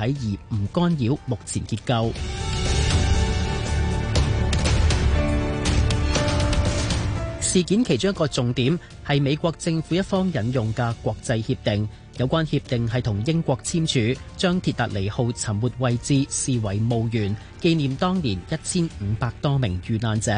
而唔干擾目前結構。 事件其中一個重點係美國政府一方引用嘅國際協定。有關協定係同英國簽署，將鐵達尼號沉沒位置視為墓園，紀念當年一千五百多名遇難者。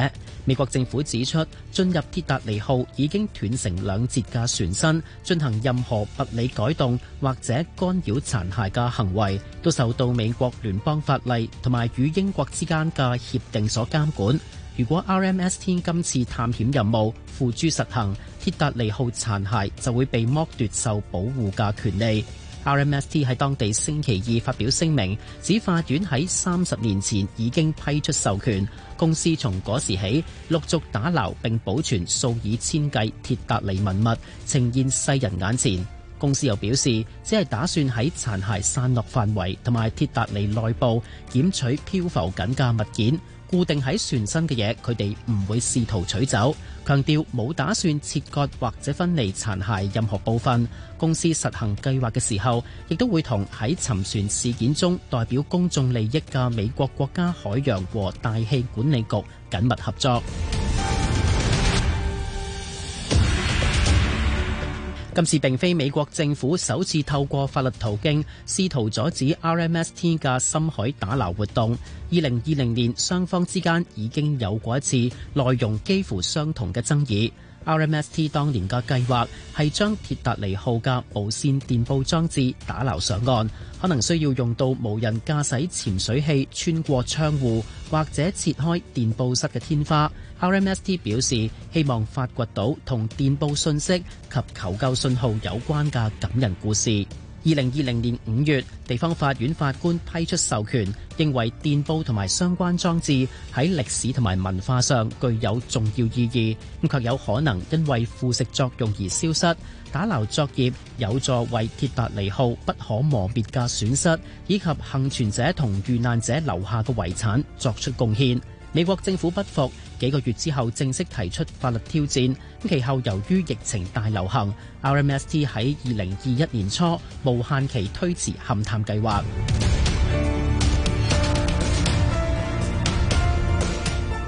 美國政府指出，進入鐵達尼號已經斷成兩截嘅船身，進行任何物理改動或者干擾殘骸嘅行為，都受到美國聯邦法例同埋與英國之間嘅協定所監管。如果 RMS T 今次探險任務付諸實行，鐵達尼號殘骸就會被剝奪受保護嘅權利。RMS T 喺當地星期二發表聲明，指法院喺三十年前已經批出授權，公司從嗰時起陸續打撈並保存數以千計鐵達尼文物，呈現世人眼前。公司又表示，只係打算喺殘骸散落範圍同埋鐵達尼內部檢取漂浮緊嘅物件。固定喺船身嘅嘢，佢哋唔會試圖取走。強調冇打算切割或者分離殘骸任何部分。公司實行計劃嘅時候，亦都會同喺沉船事件中代表公眾利益嘅美國國家海洋和大氣管理局緊密合作。今次並非美國政府首次透過法律途徑試圖阻止 RMST 嘅深海打撈活動。二零二零年雙方之間已經有過一次內容幾乎相同嘅爭議，RMST 當年嘅計劃係將鐵達尼號嘅無線電報裝置打撈上岸，可能需要用到無人駕駛潛水器穿過窗戶或者切開電報室嘅天花。RMST 表示希望發掘到同電報信息及求救信號有關嘅感人故事。二零二零年五月，地方法院法官批出授權，認為電報同埋相關裝置喺歷史同埋文化上具有重要意義。咁卻有可能因為腐蝕作用而消失。打撈作業有助為鐵達尼號不可磨滅嘅損失以及幸存者同遇難者留下嘅遺產作出貢獻。美國政府不服。幾個月之後正式提出法律挑戰，其後由於疫情大流行，R M S T 喺二零二一年初無限期推遲勘探計劃。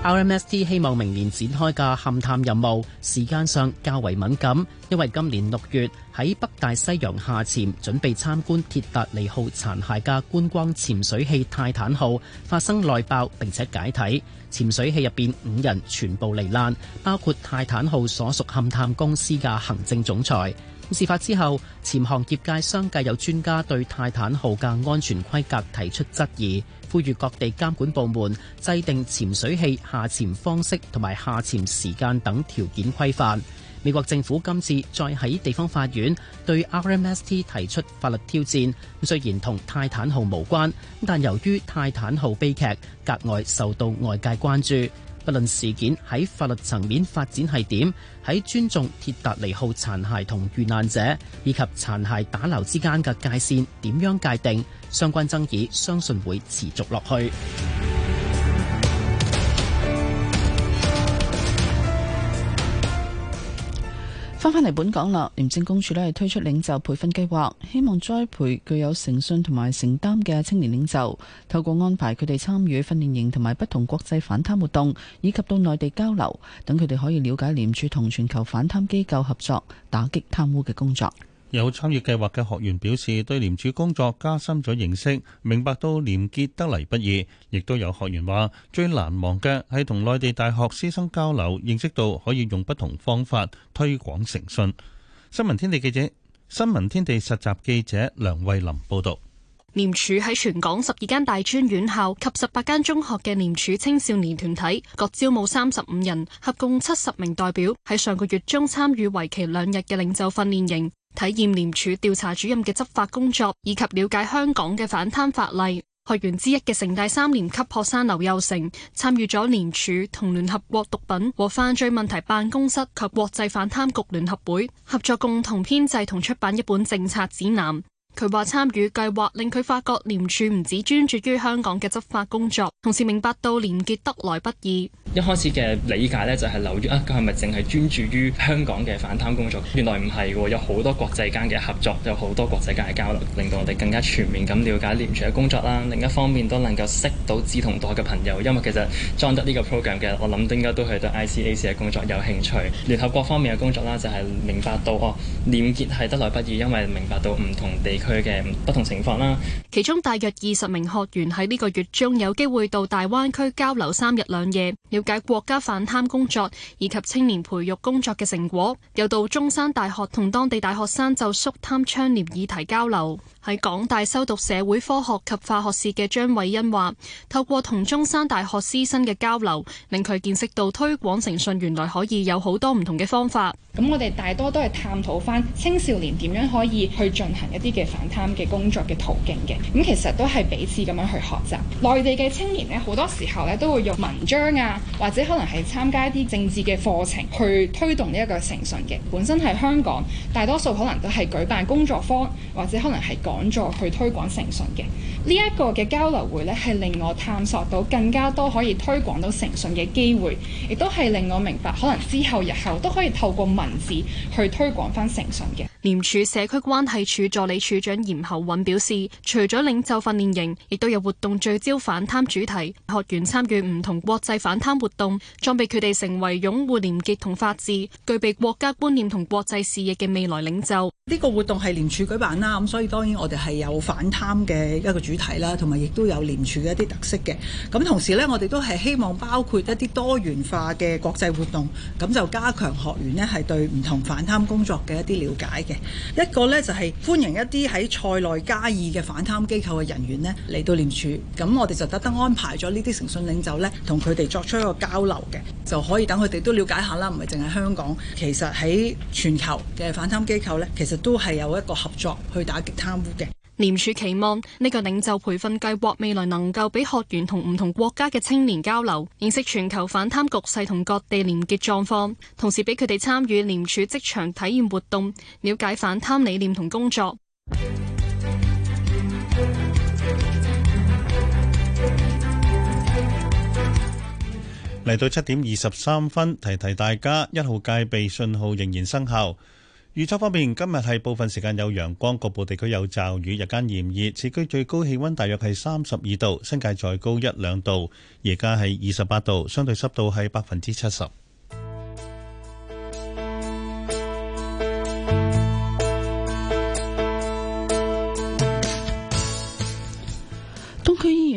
R M S T 希望明年展開嘅勘探任務，時間上較為敏感，因為今年六月喺北大西洋下潛準備參觀鐵達尼號殘骸嘅觀光潛水器泰坦號發生內爆並且解體。潛水器入面五人全部罹難，包括泰坦號所屬勘探公司嘅行政總裁。事發之後，潛航業界相繼有專家對泰坦號嘅安全規格提出質疑，呼籲各地監管部門制定潛水器下潛方式同埋下潛時間等條件規範。美國政府今次再喺地方法院對 RMST 提出法律挑戰，雖然同泰坦號無關，但由於泰坦號悲劇格外受到外界關注，不論事件喺法律層面發展係點，喺尊重鐵達尼號殘骸同遇難者以及殘骸打撈之間嘅界線點樣界定，相關爭議相信會持續落去。翻返嚟本港啦，廉政公署咧係推出領袖培訓計劃，希望栽培具有誠信同埋承擔嘅青年領袖。透過安排佢哋參與訓練營同埋不同國際反貪活動，以及到內地交流，等佢哋可以了解廉署同全球反貪機構合作打擊貪污嘅工作。有參與計劃嘅學員表示，對廉署工作加深咗認識，明白到廉潔得嚟不易。亦都有學員話，最難忘嘅係同內地大學師生交流，認識到可以用不同方法推廣誠信。新聞天地記者、新聞天地實習記者梁慧琳報道。廉署喺全港十二間大專院校及十八間中學嘅廉署青少年團體各招募三十五人，合共七十名代表喺上個月中參與為期兩日嘅領袖訓練營。體驗廉署調查主任嘅執法工作，以及了解香港嘅反貪法例。學員之一嘅城大三年級學生劉佑成參與咗廉署同聯合國毒品和犯罪問題辦公室及國際反貪局聯合會合作，共同編制同出版一本政策指南。佢話參與計劃令佢發覺廉署唔止專注於香港嘅執法工作，同時明白到廉潔得來不易。一開始嘅理解呢，就係、是、留於啊佢係咪淨係專注於香港嘅反貪工作？原來唔係喎，有好多國際間嘅合作，有好多國際間嘅交流，令到我哋更加全面咁了解廉署嘅工作啦。另一方面，都能夠識到志同道嘅朋友，因為其實 join 得呢個 program 嘅，我諗都應該都係對 ICAC 嘅工作有興趣。聯合各方面嘅工作啦，就係明白到哦，廉潔係得來不易，因為明白到唔同地區嘅不同情況啦。其中大約二十名學員喺呢個月中有機會到大灣區交流三日兩夜。了解國家反貪工作以及青年培育工作嘅成果，又到中山大學同當地大學生就肅貪倡廉議題交流。喺港大修讀社會科學及化學士嘅張偉欣話，透過同中山大學師生嘅交流，令佢見識到推廣誠信原來可以有好多唔同嘅方法。咁、嗯、我哋大多都係探討翻青少年點樣可以去進行一啲嘅反貪嘅工作嘅途徑嘅。咁、嗯、其實都係彼此咁樣去學習。內地嘅青年呢，好多時候呢都會用文章啊，或者可能係參加一啲政治嘅課程去推動呢一個誠信嘅。本身係香港，大多數可能都係舉辦工作坊，或者可能係講。幫助去推廣誠信嘅呢一個嘅交流會咧，係令我探索到更加多可以推廣到誠信嘅機會，亦都係令我明白可能之後日後都可以透過文字去推廣翻誠信嘅。廉署社區關係處助理處長嚴厚韻表示，除咗領袖訓練營，亦都有活動聚焦反貪主題，學員參與唔同國際反貪活動，裝備佢哋成為擁護廉潔同法治、具備國家觀念同國際視野嘅未來領袖。呢個活動係廉署舉辦啦，咁所以當然。我哋係有反貪嘅一個主題啦，同埋亦都有廉署嘅一啲特色嘅。咁同時咧，我哋都係希望包括一啲多元化嘅國際活動，咁就加強學員咧係對唔同反貪工作嘅一啲了解嘅。一個咧就係、是、歡迎一啲喺塞內加爾嘅反貪機構嘅人員咧嚟到廉署，咁我哋就特登安排咗呢啲誠信領袖咧同佢哋作出一個交流嘅，就可以等佢哋都了解下啦。唔係淨係香港，其實喺全球嘅反貪機構咧，其實都係有一個合作去打擊貪。廉署期望呢個領袖培訓計劃未來能夠俾學員同唔同國家嘅青年交流，認識全球反貪局勢同各地廉潔狀況，同時俾佢哋參與廉署職場體驗活動，了解反貪理念同工作。嚟到七點二十三分，提提大家一號戒備信號仍然生效。預測方面，今日係部分時間有陽光，局部地區有驟雨，日間炎熱，市區最高氣温大約係三十二度，新界再高一兩度，而家係二十八度，相對濕度係百分之七十。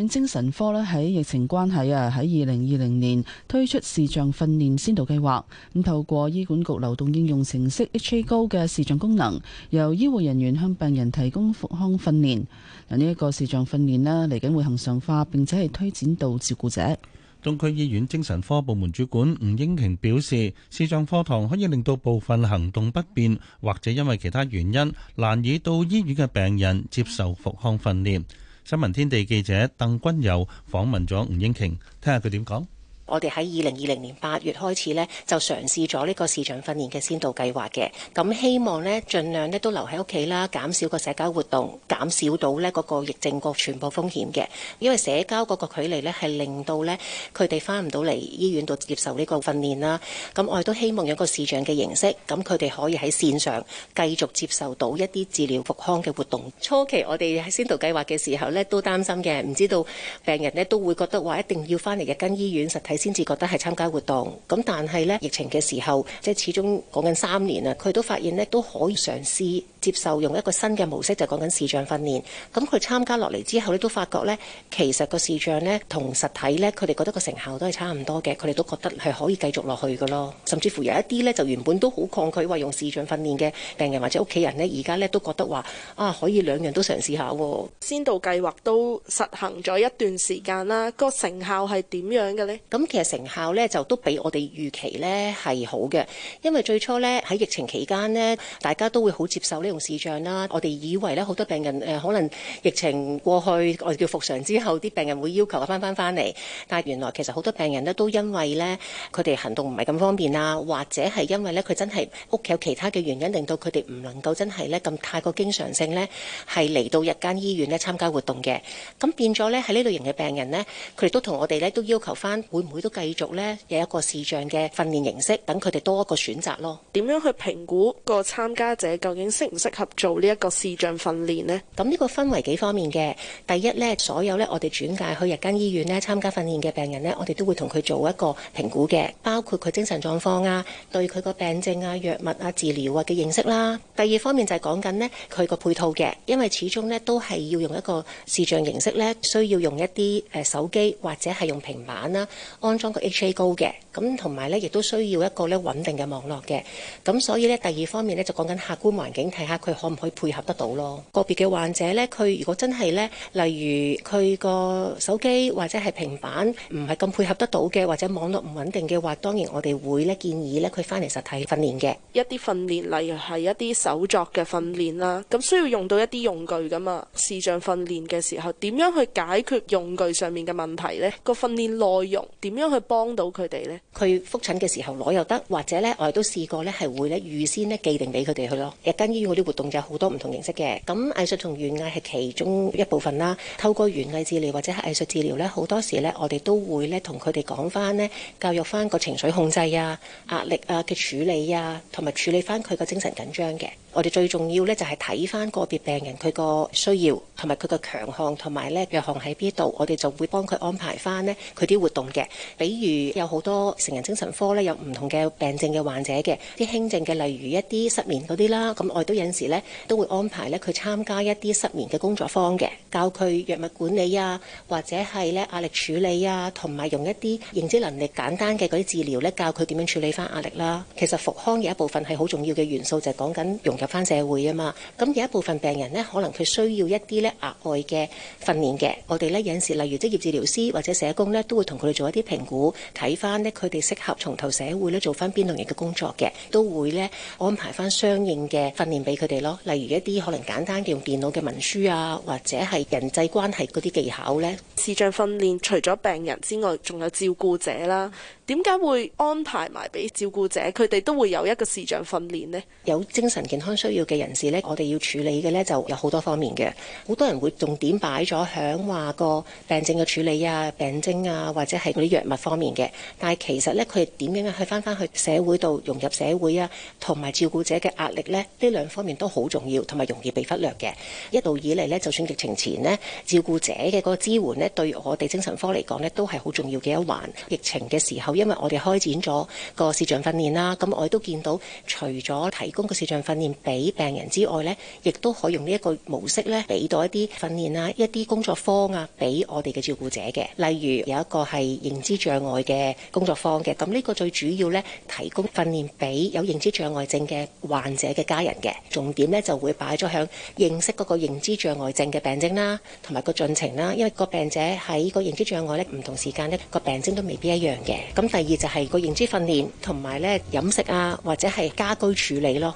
精神科咧，喺疫情關係啊，喺二零二零年推出視像訓練先導計劃，咁透過醫管局流動應用程式 HA Go 嘅視像功能，由醫護人員向病人提供復康訓練。嗱，呢一個視像訓練咧，嚟緊會恒常化，並且係推展到照顧者。中區醫院精神科部門主管吳英瓊表示，視像課堂可以令到部分行動不便或者因為其他原因難以到醫院嘅病人接受復康訓練。新聞天地記者鄧君友訪問咗吳英瓊，聽下佢點講。我哋喺二零二零年八月開始呢，就嘗試咗呢個視像訓練嘅先導計劃嘅。咁希望呢，盡量呢都留喺屋企啦，減少個社交活動，減少到呢嗰、嗰個疫症個傳播風險嘅。因為社交嗰個距離呢，係令到呢佢哋翻唔到嚟醫院度接受呢個訓練啦。咁我哋都希望有個視像嘅形式，咁佢哋可以喺線上繼續接受到一啲治療復康嘅活動。初期我哋喺先導計劃嘅時候呢，都擔心嘅，唔知道病人呢都會覺得話一定要翻嚟嘅，跟醫院實體。先至覺得係參加活動，咁但係咧，疫情嘅時候，即係始終講緊三年啦，佢都發現咧都可以嘗試。接受用一個新嘅模式，就講緊視像訓練，咁佢參加落嚟之後咧，都發覺咧，其實個視像咧同實體咧，佢哋覺得個成效都係差唔多嘅。佢哋都覺得係可以繼續落去嘅咯。甚至乎有一啲咧，就原本都好抗拒話用視像訓練嘅病人或者屋企人咧，而家咧都覺得話啊，可以兩樣都嘗試下喎。先導計劃都實行咗一段時間啦，個成效係點樣嘅咧？咁其實成效咧就都比我哋預期咧係好嘅，因為最初咧喺疫情期間咧，大家都會好接受咧。用視像啦，我哋以為咧好多病人誒，可能疫情過去，我哋叫復常之後，啲病人會要求翻翻翻嚟。但係原來其實好多病人呢都因為咧佢哋行動唔係咁方便啊，或者係因為咧佢真係屋企有其他嘅原因，令到佢哋唔能夠真係咧咁太過經常性咧係嚟到日間醫院咧參加活動嘅。咁變咗咧喺呢類型嘅病人咧，佢哋都同我哋咧都要求翻，會唔會都繼續咧有一個視像嘅訓練形式，等佢哋多一個選擇咯。點樣去評估個參加者究竟識唔？適合做呢一個視像訓練咧，咁呢個分為幾方面嘅。第一咧，所有咧我哋轉介去日間醫院咧參加訓練嘅病人咧，我哋都會同佢做一個評估嘅，包括佢精神狀況啊、對佢個病症啊、藥物啊、治療啊嘅認識啦。第二方面就係講緊咧佢個配套嘅，因為始終咧都係要用一個視像形式咧，需要用一啲誒手機或者係用平板啦、啊，安裝個 H A 高嘅，咁同埋呢亦都需要一個咧穩定嘅網絡嘅。咁所以呢，第二方面呢就講緊客觀環境睇，看看佢可唔可以配合得到咯？個別嘅患者呢，佢如果真係呢，例如佢個手機或者係平板唔係咁配合得到嘅，或者網絡唔穩定嘅話，當然我哋會呢建議呢佢翻嚟實體訓練嘅。一啲訓練例如係一啲手作嘅訓練啦，咁需要用到一啲用具噶嘛。視像訓練嘅時候，點樣去解決用具上面嘅問題呢？個訓練內容點樣去幫到佢哋呢？佢復診嘅時候攞又得，或者呢我哋都試過呢，係會呢預先呢寄定俾佢哋去咯。日間醫院活動有好多唔同形式嘅，咁藝術同園藝係其中一部分啦。透過園藝治療或者係藝術治療咧，好多時咧，我哋都會咧同佢哋講翻咧，教育翻個情緒控制啊、壓力啊嘅處理啊，同埋處理翻佢個精神緊張嘅。我哋最重要咧就係睇翻個別病人佢個需要同埋佢個強項同埋咧弱項喺邊度，我哋就會幫佢安排翻呢佢啲活動嘅。比如有好多成人精神科咧有唔同嘅病症嘅患者嘅，啲輕症嘅例如一啲失眠嗰啲啦，咁我哋都有時咧都會安排咧佢參加一啲失眠嘅工作坊嘅，教佢藥物管理啊，或者係咧壓力處理啊，同埋用一啲認知能力簡單嘅嗰啲治療咧教佢點樣處理翻壓力啦、啊。其實復康嘅一部分係好重要嘅元素，就係講緊用。入翻社會啊嘛，咁有一部分病人呢，可能佢需要一啲咧額外嘅訓練嘅。我哋咧有陣時例如職業治療師或者社工咧，都會同佢哋做一啲評估，睇翻咧佢哋適合重投社會咧做翻邊類型嘅工作嘅，都會咧安排翻相應嘅訓練俾佢哋咯。例如一啲可能簡單用電腦嘅文書啊，或者係人際關係嗰啲技巧咧。視像訓練除咗病人之外，仲有照顧者啦。點解會安排埋俾照顧者？佢哋都會有一個視像訓練呢。有精神健康需要嘅人士呢，我哋要處理嘅呢，就有好多方面嘅。好多人會重點擺咗響話個病症嘅處理啊、病徵啊，或者係嗰啲藥物方面嘅。但係其實呢，佢哋點樣去翻翻去社會度融入社會啊，同埋照顧者嘅壓力呢？呢兩方面都好重要，同埋容易被忽略嘅。一路以嚟呢，就算疫情前呢，照顧者嘅嗰個支援呢，對我哋精神科嚟講呢，都係好重要嘅一環。疫情嘅時候。因為我哋開展咗個視像訓練啦，咁我亦都見到，除咗提供個視像訓練俾病人之外，呢亦都可以用呢一個模式呢，俾到一啲訓練啦、一啲工作坊啊，俾我哋嘅照顧者嘅。例如有一個係認知障礙嘅工作坊嘅，咁呢個最主要呢，提供訓練俾有認知障礙症嘅患者嘅家人嘅。重點呢，就會擺咗響認識嗰個認知障礙症嘅病徵啦，同埋個進程啦。因為個病者喺個認知障礙呢，唔同時間呢，個病徵都未必一樣嘅。咁第二就係個認知訓練，同埋咧飲食啊，或者係家居處理咯。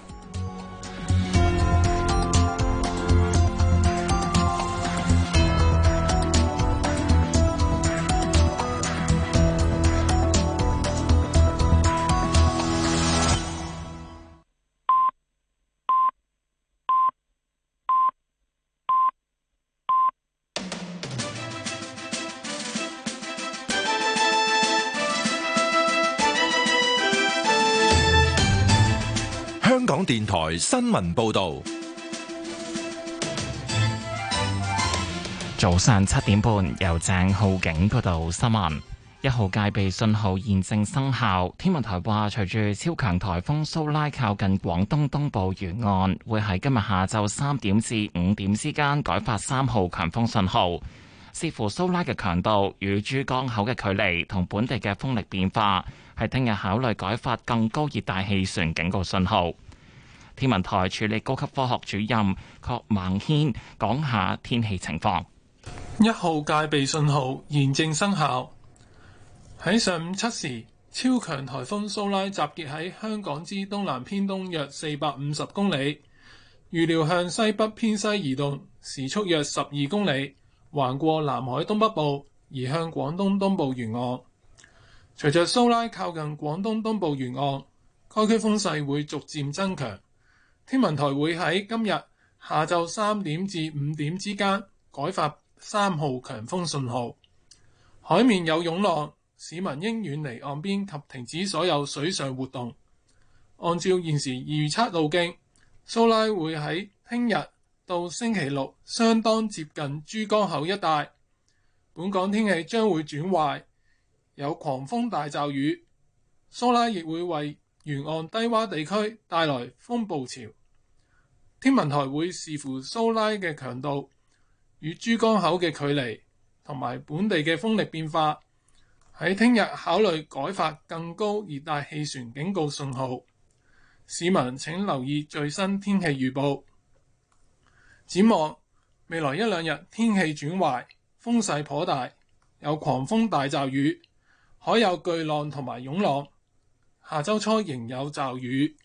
電台新聞報道，早上七點半由鄭浩景報道新聞。一號戒備信號現正生效。天文台話，隨住超強台風蘇拉靠近廣東東部沿岸，會喺今日下晝三點至五點之間改發三號強風信號。視乎蘇拉嘅強度與珠江口嘅距離同本地嘅風力變化，係聽日考慮改發更高熱帶氣旋警告信號。天文台助理高級科學主任郝孟軒講下天氣情況。一號戒備信號現正生效。喺上午七時，超強颱風蘇拉集結喺香港之東南偏東約四百五十公里，預料向西北偏西移動，時速約十二公里，橫過南海東北部，移向廣東東部沿岸。隨着蘇拉靠近廣東東部沿岸，該區風勢會逐漸增強。天文台會喺今日下晝三點至五點之間改發三號強風信號，海面有湧浪，市民應遠離岸邊及停止所有水上活動。按照現時預測路徑，蘇拉會喺聽日到星期六相當接近珠江口一帶，本港天氣將會轉壞，有狂風大驟雨。蘇拉亦會為沿岸低洼地區帶來風暴潮。天文台會視乎蘇拉嘅強度、與珠江口嘅距離同埋本地嘅風力變化，喺聽日考慮改發更高熱帶氣旋警告信號。市民請留意最新天氣預報。展望未來一兩日天氣轉壞，風勢頗大，有狂風大驟雨，海有巨浪同埋湧浪。下周初仍有驟雨。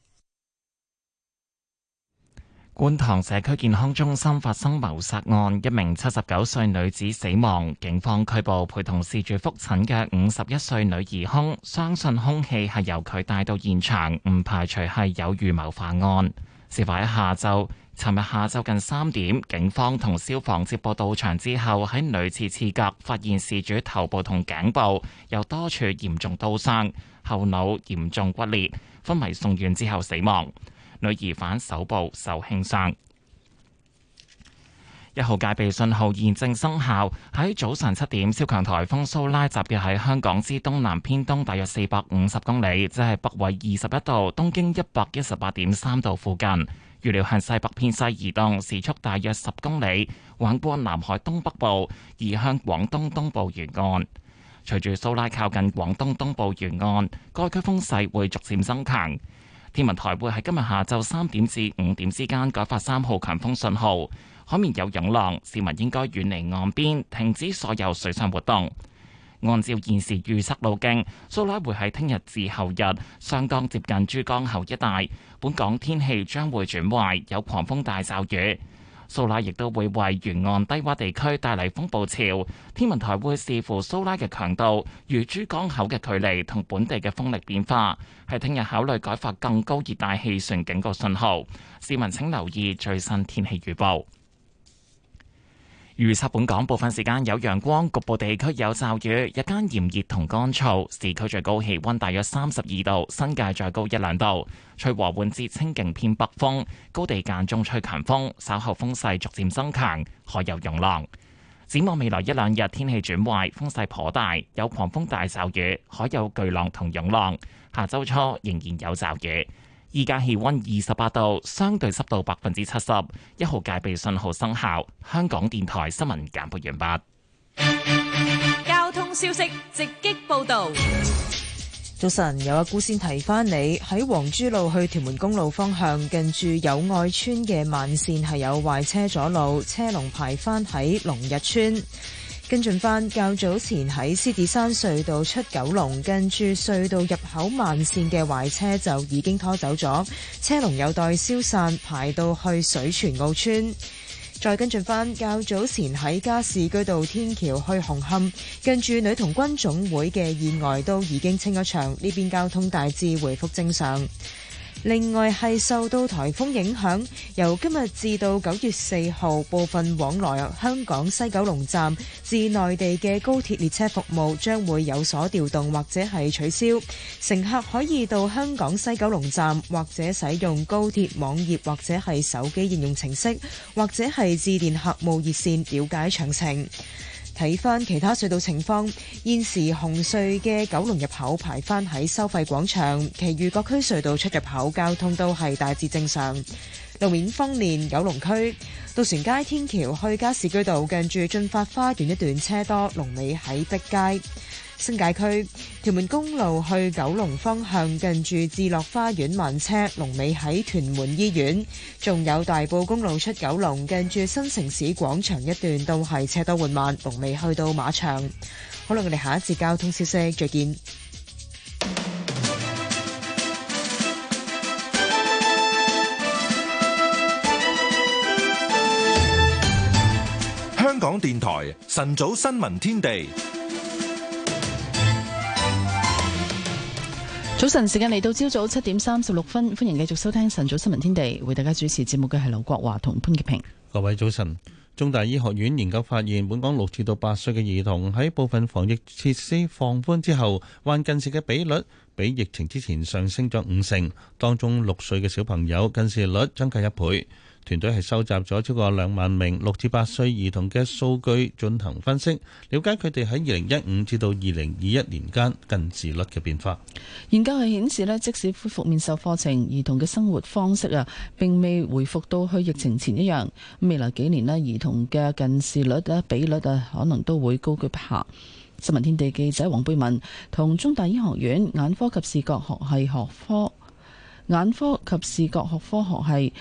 觀塘社區健康中心發生謀殺案，一名七十九歲女子死亡，警方拘捕陪同事主復診嘅五十一歲女兒，凶相信凶器係由佢帶到現場，唔排除係有預謀犯案。事發喺下晝，尋日下晝近三點，警方同消防接報到場之後，喺女廁廁格發現事主頭部同頸部有多處嚴重刀傷。後腦嚴重骨裂，昏迷送院之後死亡。女兒反手部受輕傷。一號戒備信號現正生效。喺早晨七點，超強台風蘇拉集結喺香港之東南偏東大約四百五十公里，即係北緯二十一度、東經一百一十八點三度附近。預料向西北偏西移動，時速大約十公里，橫過南海東北部，移向廣東東部沿岸。隨住蘇拉靠近廣東東部沿岸，該區風勢會逐漸增強。天文台會喺今日下晝三點至五點之間改發三號強風信號，海面有湧浪，市民應該遠離岸邊，停止所有水上活動。按照現時預測路徑，蘇拉會喺聽日至後日相當接近珠江口一帶，本港天氣將會轉壞，有狂風大驟雨。蘇拉亦都會為沿岸低洼地區帶嚟風暴潮。天文台會視乎蘇拉嘅強度、與珠江口嘅距離同本地嘅風力變化，喺聽日考慮改發更高熱帶氣旋警告信號。市民請留意最新天氣預報。.預測本港部分時間有陽光，局部地區有驟雨，日間炎熱同乾燥，市區最高氣溫大約三十二度，新界再高一兩度。吹和緩至清勁偏北風，高地間中吹強風，稍後風勢逐漸增強，可有湧浪。展望未來一兩日天氣轉壞，風勢頗大，有狂風大驟雨，可有巨浪同湧浪。下周初仍然有驟雨。依家氣温二十八度，相對濕度百分之七十。一號戒備信號生效。香港電台新聞簡報完畢。交通消息直擊報道。早晨，有個姑先提翻你喺黃珠路去屯門公路方向近住友愛村嘅慢線係有壞車阻路，車龍排翻喺龍日村。跟進返較早前喺獅子山隧道出九龍，跟住隧道入口慢線嘅壞車就已經拖走咗，車龍有待消散，排到去水泉澳村。再跟進返較早前喺加士居道天橋去紅磡，跟住女童軍總會嘅意外都已經清咗場，呢邊交通大致回復正常。另外係受到颱風影響，由今日至到九月四號，部分往來香港西九龍站至內地嘅高鐵列車服務將會有所調動或者係取消。乘客可以到香港西九龍站，或者使用高鐵網頁或者係手機應用程式，或者係致電客務熱線了解詳情。睇翻其他隧道情況，現時紅隧嘅九龍入口排返喺收費廣場，其餘各區隧道出入口交通都係大致正常。路面方面，九龍區渡船街天橋去加士居道近住駿發花園一段車多，龍尾喺碧街。新界區屯門公路去九龍方向近住智樂花園慢車，龍尾喺屯門醫院；仲有大埔公路出九龍近住新城市廣場一段都係車多緩慢，龍尾去到馬場。好啦，我哋下一節交通消息再見。香港電台晨早新聞天地。早晨，時間嚟到朝早七點三十六分，歡迎繼續收聽晨早新聞天地，為大家主持節目嘅係劉國華同潘潔平。各位早晨，中大醫學院研究發現，本港六至到八歲嘅兒童喺部分防疫設施放寬之後，患近視嘅比率比疫情之前上升咗五成，當中六歲嘅小朋友近視率增加一倍。團隊係收集咗超過兩萬名六至八歲兒童嘅數據進行分析，了解佢哋喺二零一五至到二零二一年間近視率嘅變化。研究係顯示咧，即使恢復面授課程，兒童嘅生活方式啊，並未回復到去疫情前一樣。未來幾年咧，兒童嘅近視率咧比率啊，可能都會高居不下。新聞天地記者黃貝文同中大醫學院眼科及視覺學系學科眼科及視覺學科學系。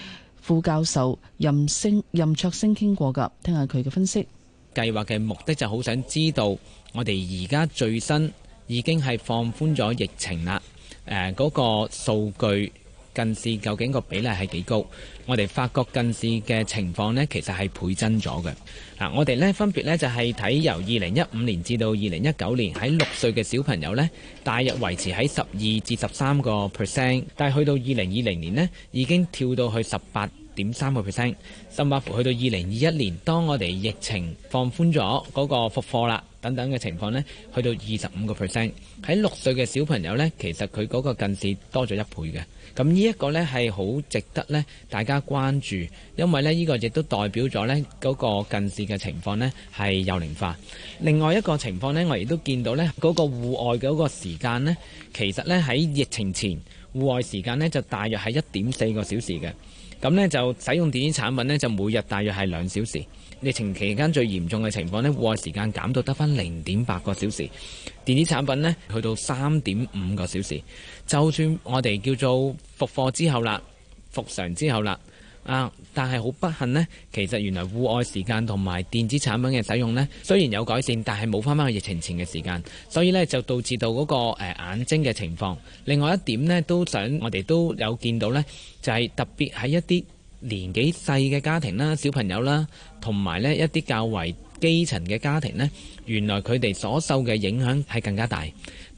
副教授任星任卓星傾過㗎，聽下佢嘅分析。計劃嘅目的就好想知道，我哋而家最新已經係放寬咗疫情啦。誒、呃，嗰、嗰個數據。近視究竟個比例係幾高？我哋發覺近視嘅情況呢，其實係倍增咗嘅嗱。我哋呢，分別呢，就係睇由二零一五年至到二零一九年喺六歲嘅小朋友呢，大約維持喺十二至十三個 percent，但係去到二零二零年呢，已經跳到去十八點三個 percent，甚至乎去到二零二一年，當我哋疫情放寬咗嗰個復課啦。等等嘅情況呢，去到二十五個 percent。喺六歲嘅小朋友呢，其實佢嗰個近視多咗一倍嘅。咁呢一個呢，係好值得咧大家關注，因為咧呢個亦都代表咗呢嗰個近視嘅情況呢係幼齡化。另外一個情況呢，我亦都見到呢嗰個戶外嘅嗰個時間咧，其實呢喺疫情前，戶外時間呢，就大約係一點四個小時嘅。咁呢，就使用電子產品呢，就每日大約係兩小時。疫情期間最嚴重嘅情況呢，戶外時間減到得翻零點八個小時；電子產品呢，去到三點五個小時。就算我哋叫做復課之後啦、復常之後啦，啊，但係好不幸呢，其實原來戶外時間同埋電子產品嘅使用呢，雖然有改善，但係冇翻翻去疫情前嘅時間，所以呢，就導致到嗰個、那個、呃、眼睛嘅情況。另外一點呢，都想我哋都有見到呢，就係、是、特別喺一啲。年紀細嘅家庭啦、小朋友啦，同埋呢一啲較為基層嘅家庭呢，原來佢哋所受嘅影響係更加大，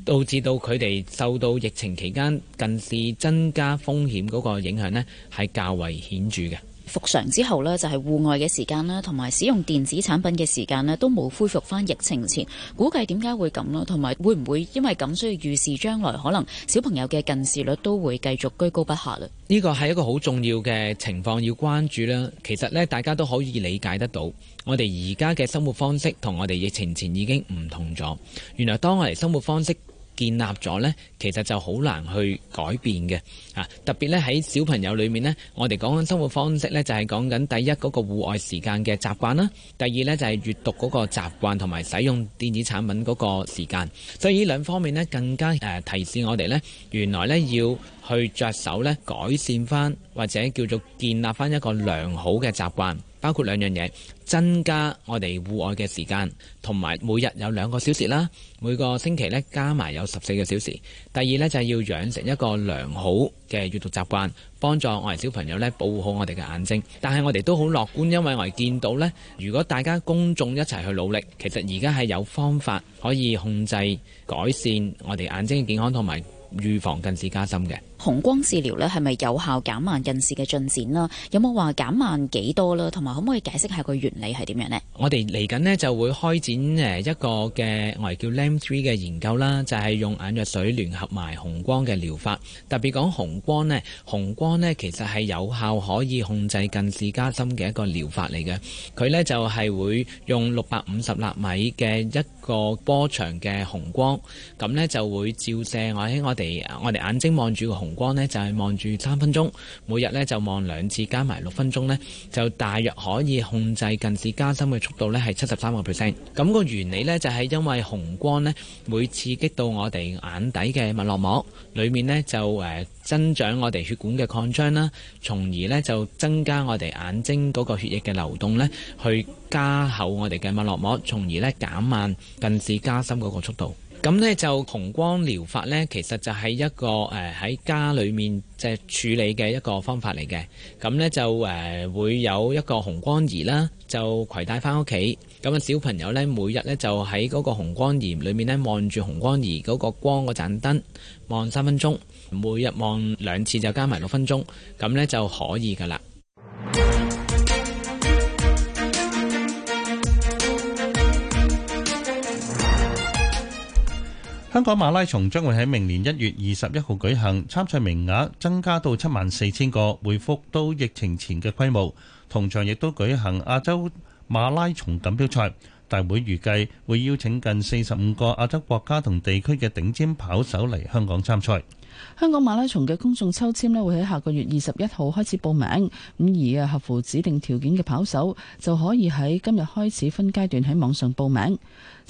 導致到佢哋受到疫情期間近視增加風險嗰個影響呢，係較為顯著嘅。復常之後呢，就係戶外嘅時間啦，同埋使用電子產品嘅時間呢，都冇恢復返疫情前。估計點解會咁咯？同埋會唔會因為咁，所以預示將來可能小朋友嘅近視率都會繼續居高不下呢？呢個係一個好重要嘅情況要關注啦。其實呢，大家都可以理解得到，我哋而家嘅生活方式同我哋疫情前已經唔同咗。原來當我哋生活方式建立咗呢，其實就好難去改變嘅啊！特別咧喺小朋友裏面呢，我哋講緊生活方式呢，就係講緊第一嗰個戶外時間嘅習慣啦，第二呢，就係閱讀嗰個習慣同埋使用電子產品嗰個時間。所以呢兩方面呢，更加誒提示我哋呢，原來呢要去着手呢，改善翻或者叫做建立翻一個良好嘅習慣。包括兩樣嘢，增加我哋戶外嘅時間，同埋每日有兩個小時啦，每個星期呢加埋有十四個小時。第二呢，就係要養成一個良好嘅閱讀習慣，幫助我哋小朋友呢保護好我哋嘅眼睛。但係我哋都好樂觀，因為我哋見到呢，如果大家公眾一齊去努力，其實而家係有方法可以控制改善我哋眼睛嘅健康，同埋預防近視加深嘅。紅光治療呢係咪有效減慢近視嘅進展啦？有冇話減慢幾多啦？同埋可唔可以解釋下個原理係點樣呢？我哋嚟緊呢就會開展誒一個嘅我哋叫 LAM3 嘅研究啦，就係、是、用眼藥水聯合埋紅光嘅療法。特別講紅光呢，紅光呢其實係有效可以控制近視加深嘅一個療法嚟嘅。佢呢就係會用六百五十納米嘅一個波長嘅紅光，咁呢，就會照射喺我哋我哋眼睛望住個紅光呢就係、是、望住三分鐘，每日呢就望兩次加埋六分鐘呢，就大約可以控制近視加深嘅速度，呢係七十三個 percent。咁、那個原理呢就係、是、因為紅光呢會刺激到我哋眼底嘅脈絡膜裏面呢就誒增長我哋血管嘅擴張啦，從而呢就增加我哋眼睛嗰個血液嘅流動，呢去加厚我哋嘅脈絡膜，從而呢減慢近視加深嗰個速度。咁呢就紅光療法呢，其實就係一個誒喺、呃、家裏面即係處理嘅一個方法嚟嘅。咁呢就誒、呃、會有一個紅光儀啦，就攜帶返屋企。咁啊小朋友呢，每日呢就喺嗰個紅光儀裏面呢，望住紅光儀嗰個光嗰盞燈望三分鐘，每日望兩次就加埋六分鐘，咁呢就可以噶啦。香港馬拉松將會喺明年一月二十一號舉行，參賽名額增加到七萬四千個，回復到疫情前嘅規模。同場亦都舉行亞洲馬拉松錦標賽，大會預計會邀請近四十五個亞洲國家同地區嘅頂尖跑手嚟香港參賽。香港馬拉松嘅公眾抽籤呢，會喺下個月二十一號開始報名，咁而啊合乎指定條件嘅跑手就可以喺今日開始分階段喺網上報名。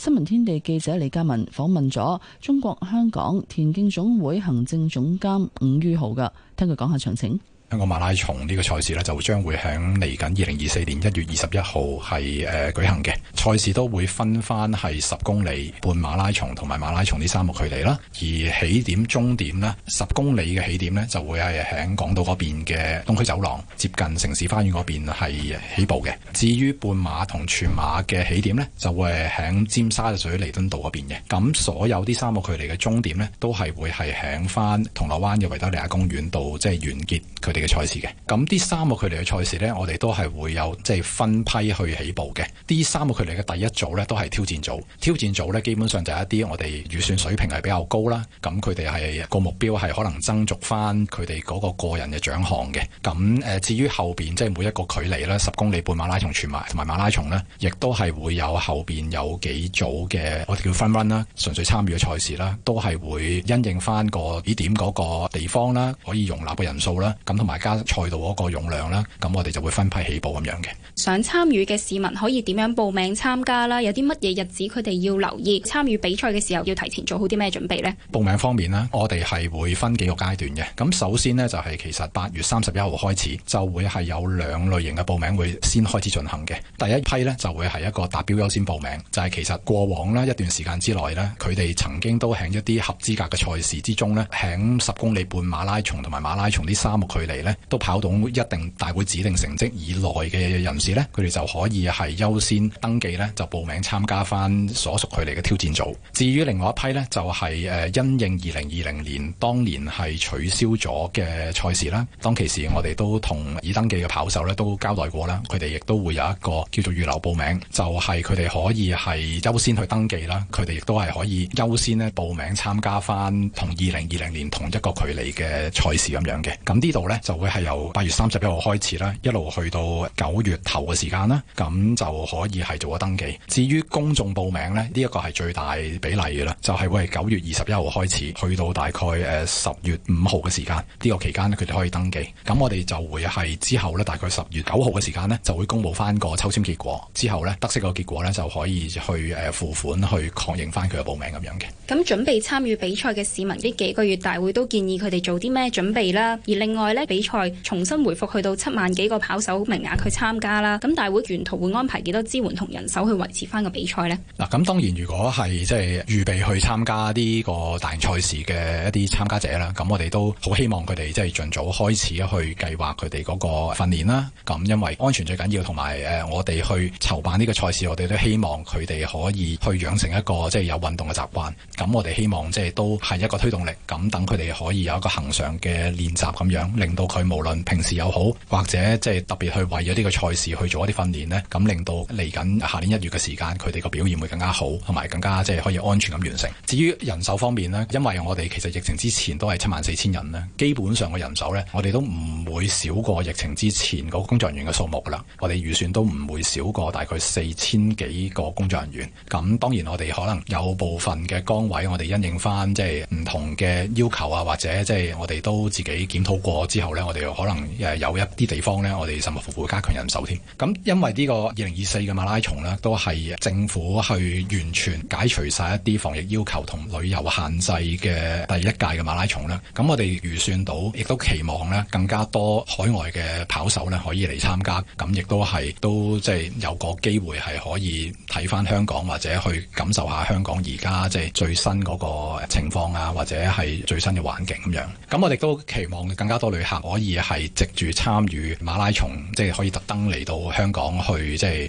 新聞天地記者李嘉文訪問咗中國香港田徑總會行政總監伍于豪㗎，聽佢講下詳情。香港馬拉松呢個賽事呢，就將會喺嚟緊二零二四年一月二十一號係誒舉行嘅。賽事都會分翻係十公里、半馬拉松同埋馬拉松呢三個距離啦。而起點、終點呢，十公里嘅起點呢，就會係喺港島嗰邊嘅東區走廊，接近城市花園嗰邊係起步嘅。至於半馬同全馬嘅起點呢，就會係喺尖沙咀彌敦道嗰邊嘅。咁所有啲三個距離嘅終點呢，都係會係喺翻銅鑼灣嘅維多利亞公園度，即係完結佢哋。嘅賽事嘅，咁啲三個距離嘅賽事呢，我哋都係會有即係分批去起步嘅。啲三個距離嘅第一組呢，都係挑戰組。挑戰組呢，基本上就係一啲我哋預算水平係比較高啦。咁佢哋係個目標係可能爭逐翻佢哋嗰個個人嘅獎項嘅。咁誒、呃，至於後邊即係每一個距離啦，十公里半馬拉松全埋、全馬同埋馬拉松呢，亦都係會有後邊有幾組嘅我哋叫 fun run 啦，純粹參與嘅賽事啦，都係會因應翻個起點嗰個地方啦，可以容納嘅人數啦，咁同埋。大家賽道嗰個容量啦，咁我哋就會分批起步咁樣嘅。想參與嘅市民可以點樣報名參加啦？有啲乜嘢日子佢哋要留意？參與比賽嘅時候要提前做好啲咩準備呢？報名方面咧，我哋係會分幾個階段嘅。咁首先呢，就係其實八月三十一號開始就會係有兩類型嘅報名會先開始進行嘅。第一批呢，就會係一個達標優先報名，就係其實過往啦，一段時間之內呢，佢哋曾經都喺一啲合資格嘅賽事之中呢，喺十公里半馬拉松同埋馬拉松呢三個距離。都跑到一定大會指定成績以內嘅人士呢，佢哋就可以係優先登記，呢就報名參加翻所屬佢哋嘅挑戰組。至於另外一批呢，就係、是、誒因應二零二零年當年係取消咗嘅賽事啦。當其時，我哋都同已登記嘅跑手呢都交代過啦，佢哋亦都會有一個叫做預留報名，就係佢哋可以係優先去登記啦。佢哋亦都係可以優先咧報名參加翻同二零二零年同一個距離嘅賽事咁樣嘅。咁呢度呢。就會係由八月三十一號開始啦，一路去到九月頭嘅時間啦，咁就可以係做咗登記。至於公眾報名呢呢一個係最大比例嘅啦，就係、是、會係九月二十一號開始，去到大概誒十月五號嘅時間，呢、這個期間咧佢哋可以登記。咁我哋就會係之後呢大概十月九號嘅時間呢就會公布翻個抽籤結果。之後呢，得悉個結果呢就可以去誒付款去確認翻佢嘅報名咁樣嘅。咁準備參與比賽嘅市民，呢幾個月大會都建議佢哋做啲咩準備啦？而另外呢。比賽重新回復去到七萬幾個跑手名額去參加啦，咁大會沿途會安排幾多支援同人手去維持翻個比賽咧？嗱，咁當然如果係即係預備去參加呢個大型賽事嘅一啲參加者啦，咁我哋都好希望佢哋即係盡早開始去計劃佢哋嗰個訓練啦。咁因為安全最緊要，同埋誒我哋去籌辦呢個賽事，我哋都希望佢哋可以去養成一個即係有運動嘅習慣。咁我哋希望即係都係一個推動力，咁等佢哋可以有一個恒常嘅練習咁樣，令到。到佢無論平時又好，或者即係特別去為咗呢個賽事去做一啲訓練咧，咁令到嚟緊下年一月嘅時間，佢哋個表現會更加好，同埋更加即係可以安全咁完成。至於人手方面咧，因為我哋其實疫情之前都係七萬四千人咧，基本上嘅人手咧，我哋都唔會少過疫情之前嗰個工作人員嘅數目噶啦。我哋預算都唔會少過大概四千幾個工作人員，咁當然我哋可能有部分嘅崗位，我哋因應翻即係唔同嘅要求啊，或者即係我哋都自己檢討過之後。我哋可能誒有一啲地方咧，我哋甚至乎會加強人手添。咁因為呢個二零二四嘅馬拉松呢，都係政府去完全解除晒一啲防疫要求同旅遊限制嘅第一屆嘅馬拉松啦。咁我哋預算到，亦都期望呢更加多海外嘅跑手呢可以嚟參加。咁亦都係都即係有個機會係可以睇翻香港或者去感受下香港而家即係最新嗰個情況啊，或者係最新嘅環境咁樣。咁我哋都期望更加多旅客。可以係藉住參與馬拉松，即係可以特登嚟到香港去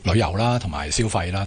旅遊啦，同埋消費啦。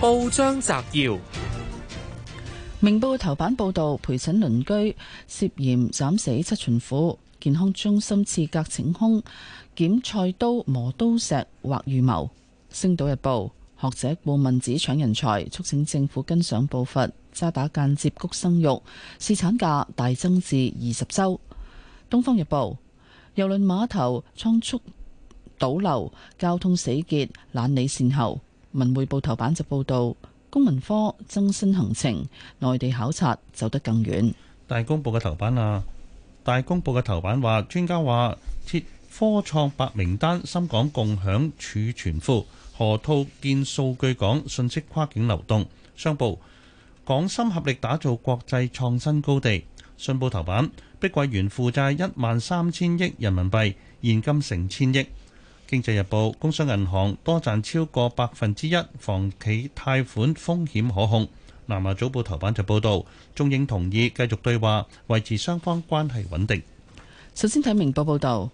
報章摘要：明報頭版報道，陪診鄰居涉嫌斬死七旬婦；健康中心刺格逞兇，撿菜刀磨刀石或預謀。星島日報：學者顧問指搶人才，促請政府跟上步伐，渣打間接谷生育。侍產假大增至二十周。東方日報：郵輪碼頭倉促倒流，交通死結，懶理善後。文匯報頭版就報道，公民科增新行程，內地考察走得更遠。大公報嘅頭版啊，大公報嘅頭版話，專家話，設科創白名單，深港共享儲存庫，河套建數據港，信息跨境流動。商報，港深合力打造國際創新高地。信報頭版，碧桂園負債一萬三千億人民幣，現金成千億。經濟日報、工商銀行多賺超過百分之一，房企貸款風險可控。南華早報頭版就報道，中英同意繼續對話，維持雙方關係穩定。首先睇明報報導，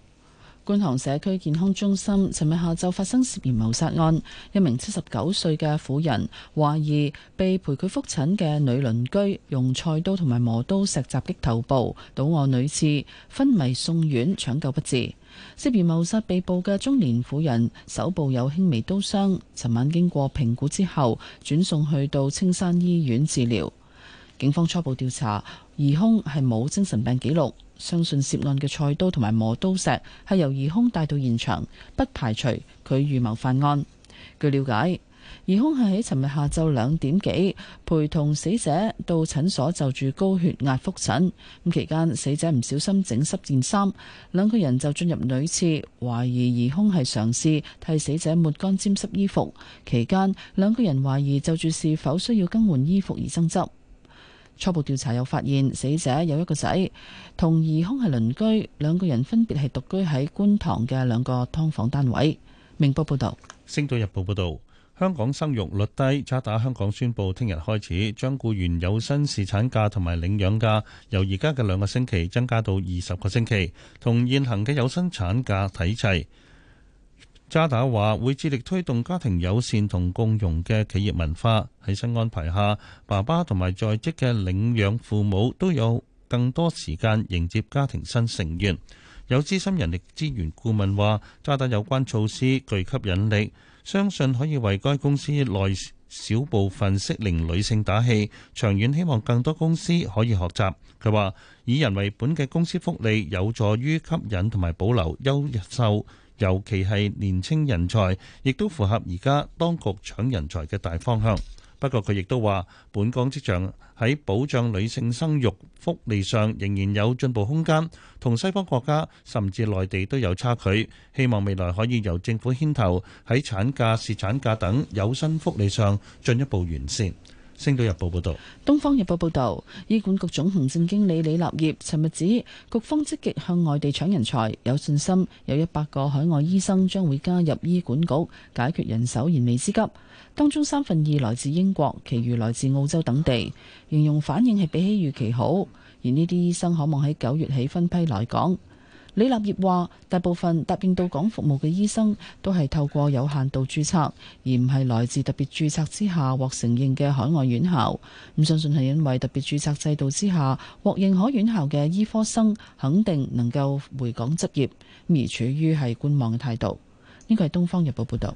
觀塘社區健康中心尋日下晝發生涉嫌謀殺案，一名七十九歲嘅婦人，懷疑被陪佢覆診嘅女鄰居用菜刀同埋磨刀石襲擊頭部，倒卧女廁，昏迷送院搶救不治。涉嫌謀殺被捕嘅中年婦人，手部有輕微刀傷。尋晚經過評估之後，轉送去到青山醫院治療。警方初步調查，疑兇係冇精神病記錄，相信涉案嘅菜刀同埋磨刀石係由疑兇帶到現場，不排除佢預謀犯案。據了解。疑兇係喺尋日下晝兩點幾陪同死者到診所就住高血壓覆診。咁期間，死者唔小心整濕件衫，兩個人就進入女廁，懷疑疑兇係嘗試替死者抹乾沾濕衣服。期間，兩個人懷疑就住是否需要更換衣服而爭執。初步調查又發現死者有一個仔同疑兇係鄰居，兩個人分別係獨居喺觀塘嘅兩個劏房單位。明報報道。《星島日報》報道。香港生育率低，渣打香港宣布聽日開始，將僱員有薪侍產假同埋領養假由而家嘅兩個星期增加到二十個星期，同現行嘅有薪產假睇齊。渣打話會致力推動家庭友善同共融嘅企業文化。喺新安排下，爸爸同埋在職嘅領養父母都有更多時間迎接家庭新成員。有資深人力資源顧問話，渣打有關措施具吸引力。相信可以為該公司內少部分適齡女性打氣，長遠希望更多公司可以學習，佢話以人為本嘅公司福利有助於吸引同埋保留優秀，尤其係年青人才，亦都符合而家當局搶人才嘅大方向。不過佢亦都話，本港職場喺保障女性生育福利上仍然有進步空間，同西方國家甚至內地都有差距。希望未來可以由政府牽頭喺產假、侍產假等有薪福利上進一步完善。星島日報報道。東方日報報道，醫管局總行政經理李立業尋日指，局方積極向外地搶人才，有信心有一百個海外醫生將會加入醫管局，解決人手燃眉之急。當中三分二來自英國，其餘來自澳洲等地。形容反應係比起預期好，而呢啲醫生可望喺九月起分批來港。李立業話：大部分答應到港服務嘅醫生都係透過有限度註冊，而唔係來自特別註冊之下獲承認嘅海外院校。唔相信係因為特別註冊制度之下獲認可院校嘅醫科生肯定能夠回港執業，而處於係觀望嘅態度。呢個係《東方日報》報導。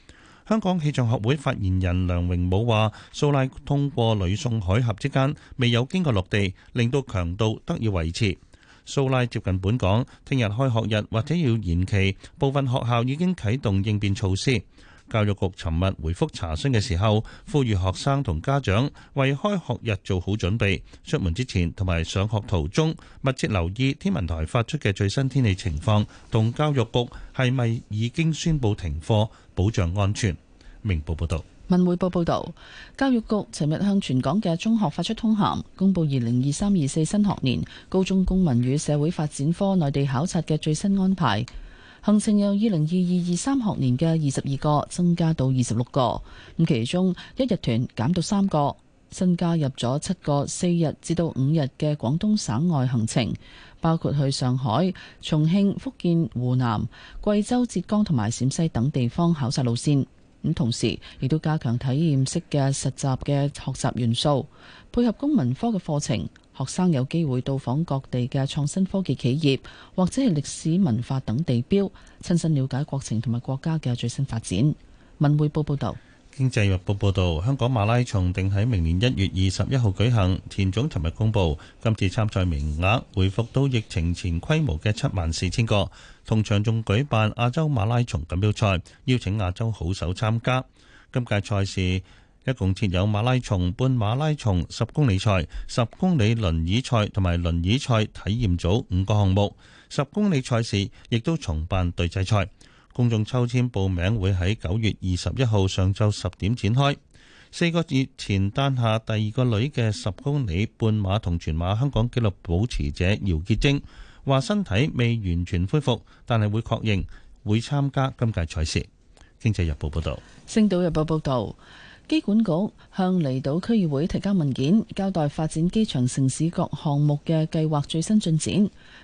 香港氣象學會發言人梁榮武話，蘇拉通過呂宋海峽之間，未有經過落地，令到強度得以維持。蘇拉接近本港，聽日開學日或者要延期，部分學校已經啟動應變措施。教育局尋日回覆查詢嘅時候，呼籲學生同家長為開學日做好準備，出門之前同埋上學途中密切留意天文台發出嘅最新天氣情況，同教育局係咪已經宣布停課，保障安全。明報報道。文匯報報道，教育局尋日向全港嘅中學發出通函，公布二零二三、二四新學年高中公民與社會發展科內地考察嘅最新安排。行程由二零二二二三學年嘅二十二個增加到26個，咁其中一日團減到三個，新加入咗七個四日至到五日嘅廣東省外行程，包括去上海、重慶、福建、湖南、貴州、浙江同埋陝西等地方考察路線，咁同時亦都加強體驗式嘅實習嘅學習元素，配合公民科嘅課程。學生有機會到訪各地嘅創新科技企業，或者係歷史文化等地標，親身了解國情同埋國家嘅最新發展。文匯報報道，經濟日報報道，香港馬拉松定喺明年一月二十一號舉行。田總尋日公布，今次參賽名額回復到疫情前規模嘅七萬四千個，同場仲舉辦亞洲馬拉松錦標賽，邀請亞洲好手參加。今屆賽事，一共設有馬拉松、半馬拉松、十公里賽、十公里輪椅賽同埋輪椅賽體驗組五個項目。十公里賽事亦都重辦對摺賽。公眾抽籤報名會喺九月二十一號上晝十點展開。四個月前誕下第二個女嘅十公里半馬同全馬香港紀錄保持者姚潔貞話：身體未完全恢復，但係會確認會參加今屆賽事。經濟日報報道，星島日報報道。機管局向離島區議會提交文件，交代發展機場城市各項目嘅計劃最新進展。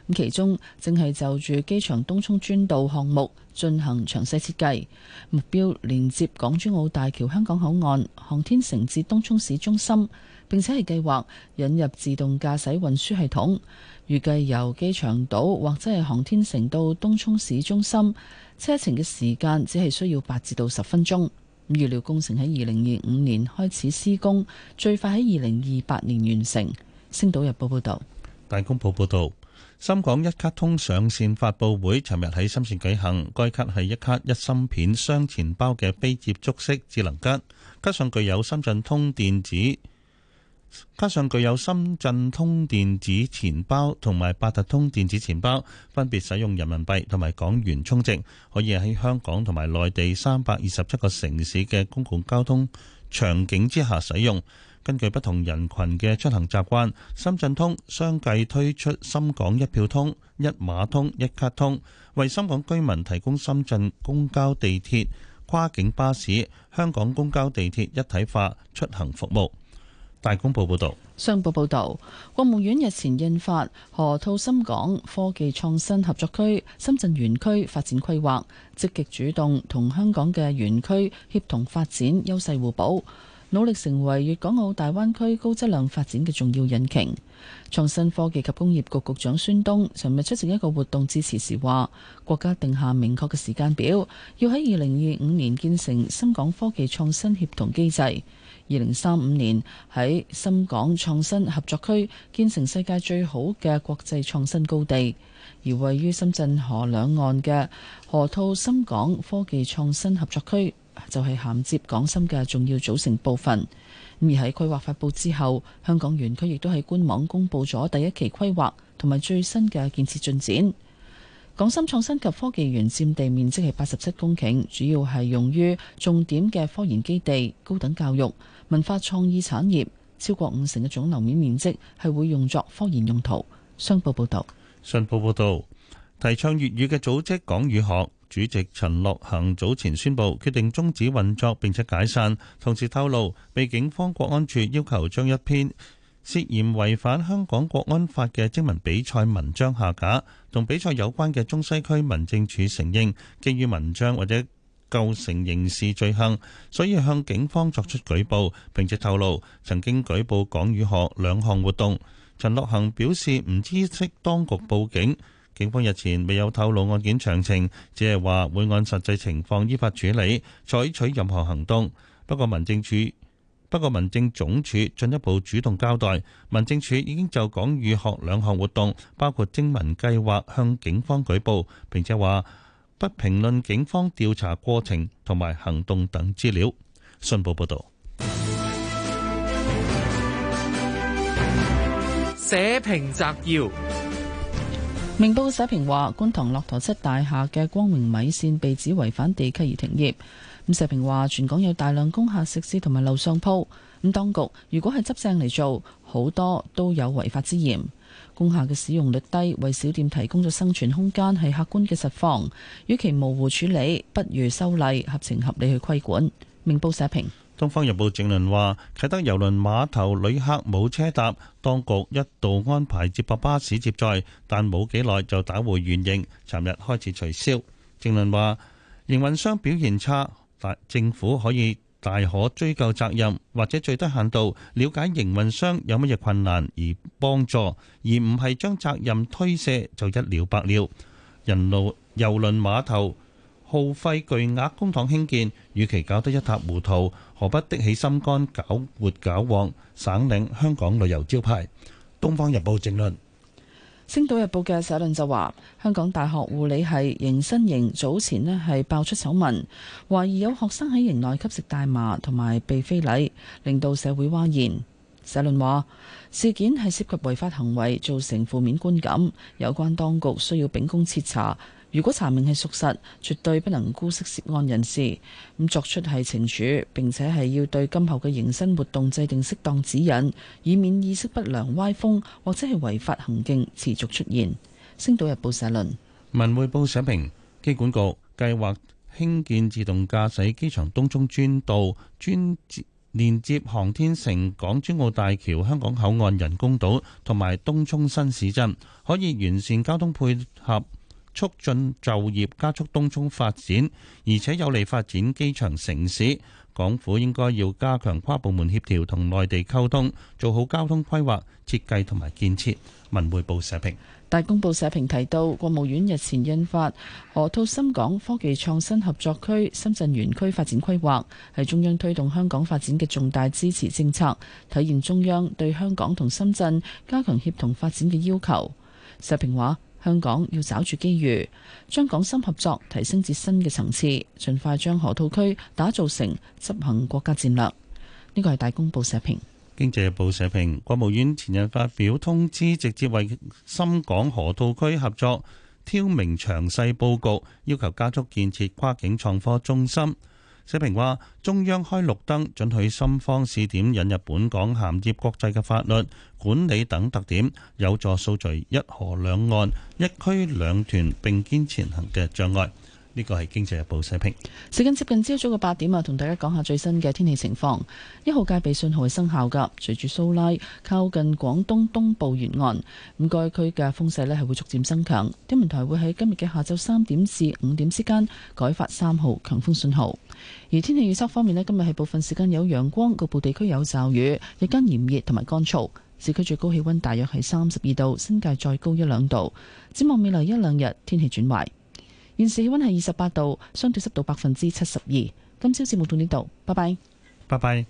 咁其中正係就住機場東涌專道項目進行詳細設計，目標連接港珠澳大橋香港口岸、航天城至東涌市中心。並且係計劃引入自動駕駛運輸系統，預計由機場島或者係航天城到東涌市中心，車程嘅時間只係需要八至到十分鐘。預料工程喺二零二五年開始施工，最快喺二零二八年完成。星島日報報道。大公報報道，深港一卡通上線發布會尋日喺深圳舉行。該卡係一卡一芯片雙錢包嘅非接觸式智能卡，卡上具有深圳通電子。加上具有深圳通電子錢包同埋八達通電子錢包，分別使用人民幣同埋港元充值，可以喺香港同埋內地三百二十七個城市嘅公共交通場景之下使用。根據不同人群嘅出行習慣，深圳通相繼推出深港一票通、一碼通、一卡通，為深港居民提供深圳公交、地鐵、跨境巴士、香港公交、地鐵一體化出行服務。大公報報道，商報報道，國務院日前印發《河套深港科技創新合作區深圳園區發展規劃》，積極主動同香港嘅園區協同發展，優勢互補，努力成為粵港澳大灣區高質量發展嘅重要引擎。創新科技及工業局局，局長孫東尋日出席一個活動致辭時話，國家定下明確嘅時間表，要喺二零二五年建成深港科技創新協同機制。二零三五年喺深港創新合作區建成世界最好嘅國際創新高地，而位於深圳河兩岸嘅河套深港科技創新合作區就係銜接港深嘅重要組成部分。咁而喺規劃發佈之後，香港園區亦都喺官網公布咗第一期規劃同埋最新嘅建設進展。港深創新及科技園佔地面積係八十七公頃，主要係用於重點嘅科研基地、高等教育。文化創意產業，超過五成嘅總樓面面積係會用作科研用途。商報報道，信報報道，提倡粵語嘅組織港語學主席陳樂行早前宣布決定終止運作並且解散，同時透露被警方國安處要求將一篇涉嫌違反香港國安法嘅徵文比賽文章下架，同比賽有關嘅中西區民政處承認基於文章或者，構成刑事罪行，所以向警方作出舉報，並且透露曾經舉報港語學兩項活動。陳樂恒表示唔知悉當局報警，警方日前未有透露案件詳情，只係話會按實際情況依法處理，採取任何行動。不過民政處，不過民政總署進一步主動交代，民政處已經就港語學兩項活動，包括徵文計劃，向警方舉報，並且話。不評論警方調查過程同埋行動等資料。信報報道。社評摘要：明報社評話，觀塘駱駝漆大廈嘅光明米線被指違反地契而停業。咁社評話，全港有大量工廈食肆同埋樓上鋪，咁當局如果係執正嚟做，好多都有違法之嫌。工廈嘅使用率低，為小店提供咗生存空間，係客觀嘅實況。與其模糊處理，不如修例合情合理去規管。明報社評。東方日報正論話，啟德郵輪碼頭旅客冇車搭，當局一度安排接駁巴士接載，但冇幾耐就打回原形。尋日開始取消。正論話營運商表現差，但政府可以，大可追究責任，或者最低限度了解營運商有乜嘢困難而幫助，而唔係將責任推卸就一了百了。人路郵輪碼頭耗費巨額公帑興建，與其搞得一塌糊塗，何不的起心肝搞活搞旺省領香港旅遊招牌？《東方日報》正論。《星島日報》嘅社論就話：香港大學護理系迎新營早前呢，係爆出醜聞，懷疑有學生喺營內吸食大麻同埋被非禮，令到社會譁然。社論話事件係涉及違法行為，造成負面觀感，有關當局需要秉公徹查。如果查明係屬實，絕對不能姑息涉案人士，咁作出係懲處，並且係要對今後嘅迎新活動制定適當指引，以免意識不良、歪風或者係違法行徑持續出現。《星島日報》社論。《文匯報》社評，機管局計劃興建自動駕駛機場東涌專道，專接連接航天城、港珠澳大橋、香港口岸人工島同埋東涌新市鎮，可以完善交通配合，促進就業、加速東涌發展，而且有利發展機場城市，港府應該要加強跨部門協調同內地溝通，做好交通規劃、設計同埋建設。文匯報社評。大公報社評提到，國務院日前印發《河套深港科技創新合作區深圳園區發展規劃》，係中央推動香港發展嘅重大支持政策，體現中央對香港同深圳加強協同發展嘅要求。社評話。香港要抓住機遇，將港深合作提升至新嘅層次，盡快將河套區打造成執行國家戰略。呢個係大公報社評，《經濟日報》社評，國務院前日發表通知，直接為深港河套區合作挑明詳細佈局，要求加速建設跨境創科中心。社評話：中央開綠燈，准許深方試點引入本港銜接國際嘅法律管理等特點，有助掃除一河兩岸、一區兩團並肩前行嘅障礙。呢個係《經濟日報》社評。時間接近朝早嘅八點啊，同大家講下最新嘅天氣情況。一號戒備信號係生效㗎。隨住蘇拉靠近廣東東部沿岸，咁該區嘅風勢呢係會逐漸增強。天文台會喺今日嘅下晝三點至五點之間改發三號強風信號。而天氣預測方面呢，今日係部分時間有陽光，局部地區有驟雨。日間炎熱同埋乾燥，市區最高氣温大約係三十二度，新界再高一兩度。展望未來一兩日，天氣轉壞。現時氣温係二十八度，相對濕度百分之七十二。今朝節目到呢度，拜拜。拜拜。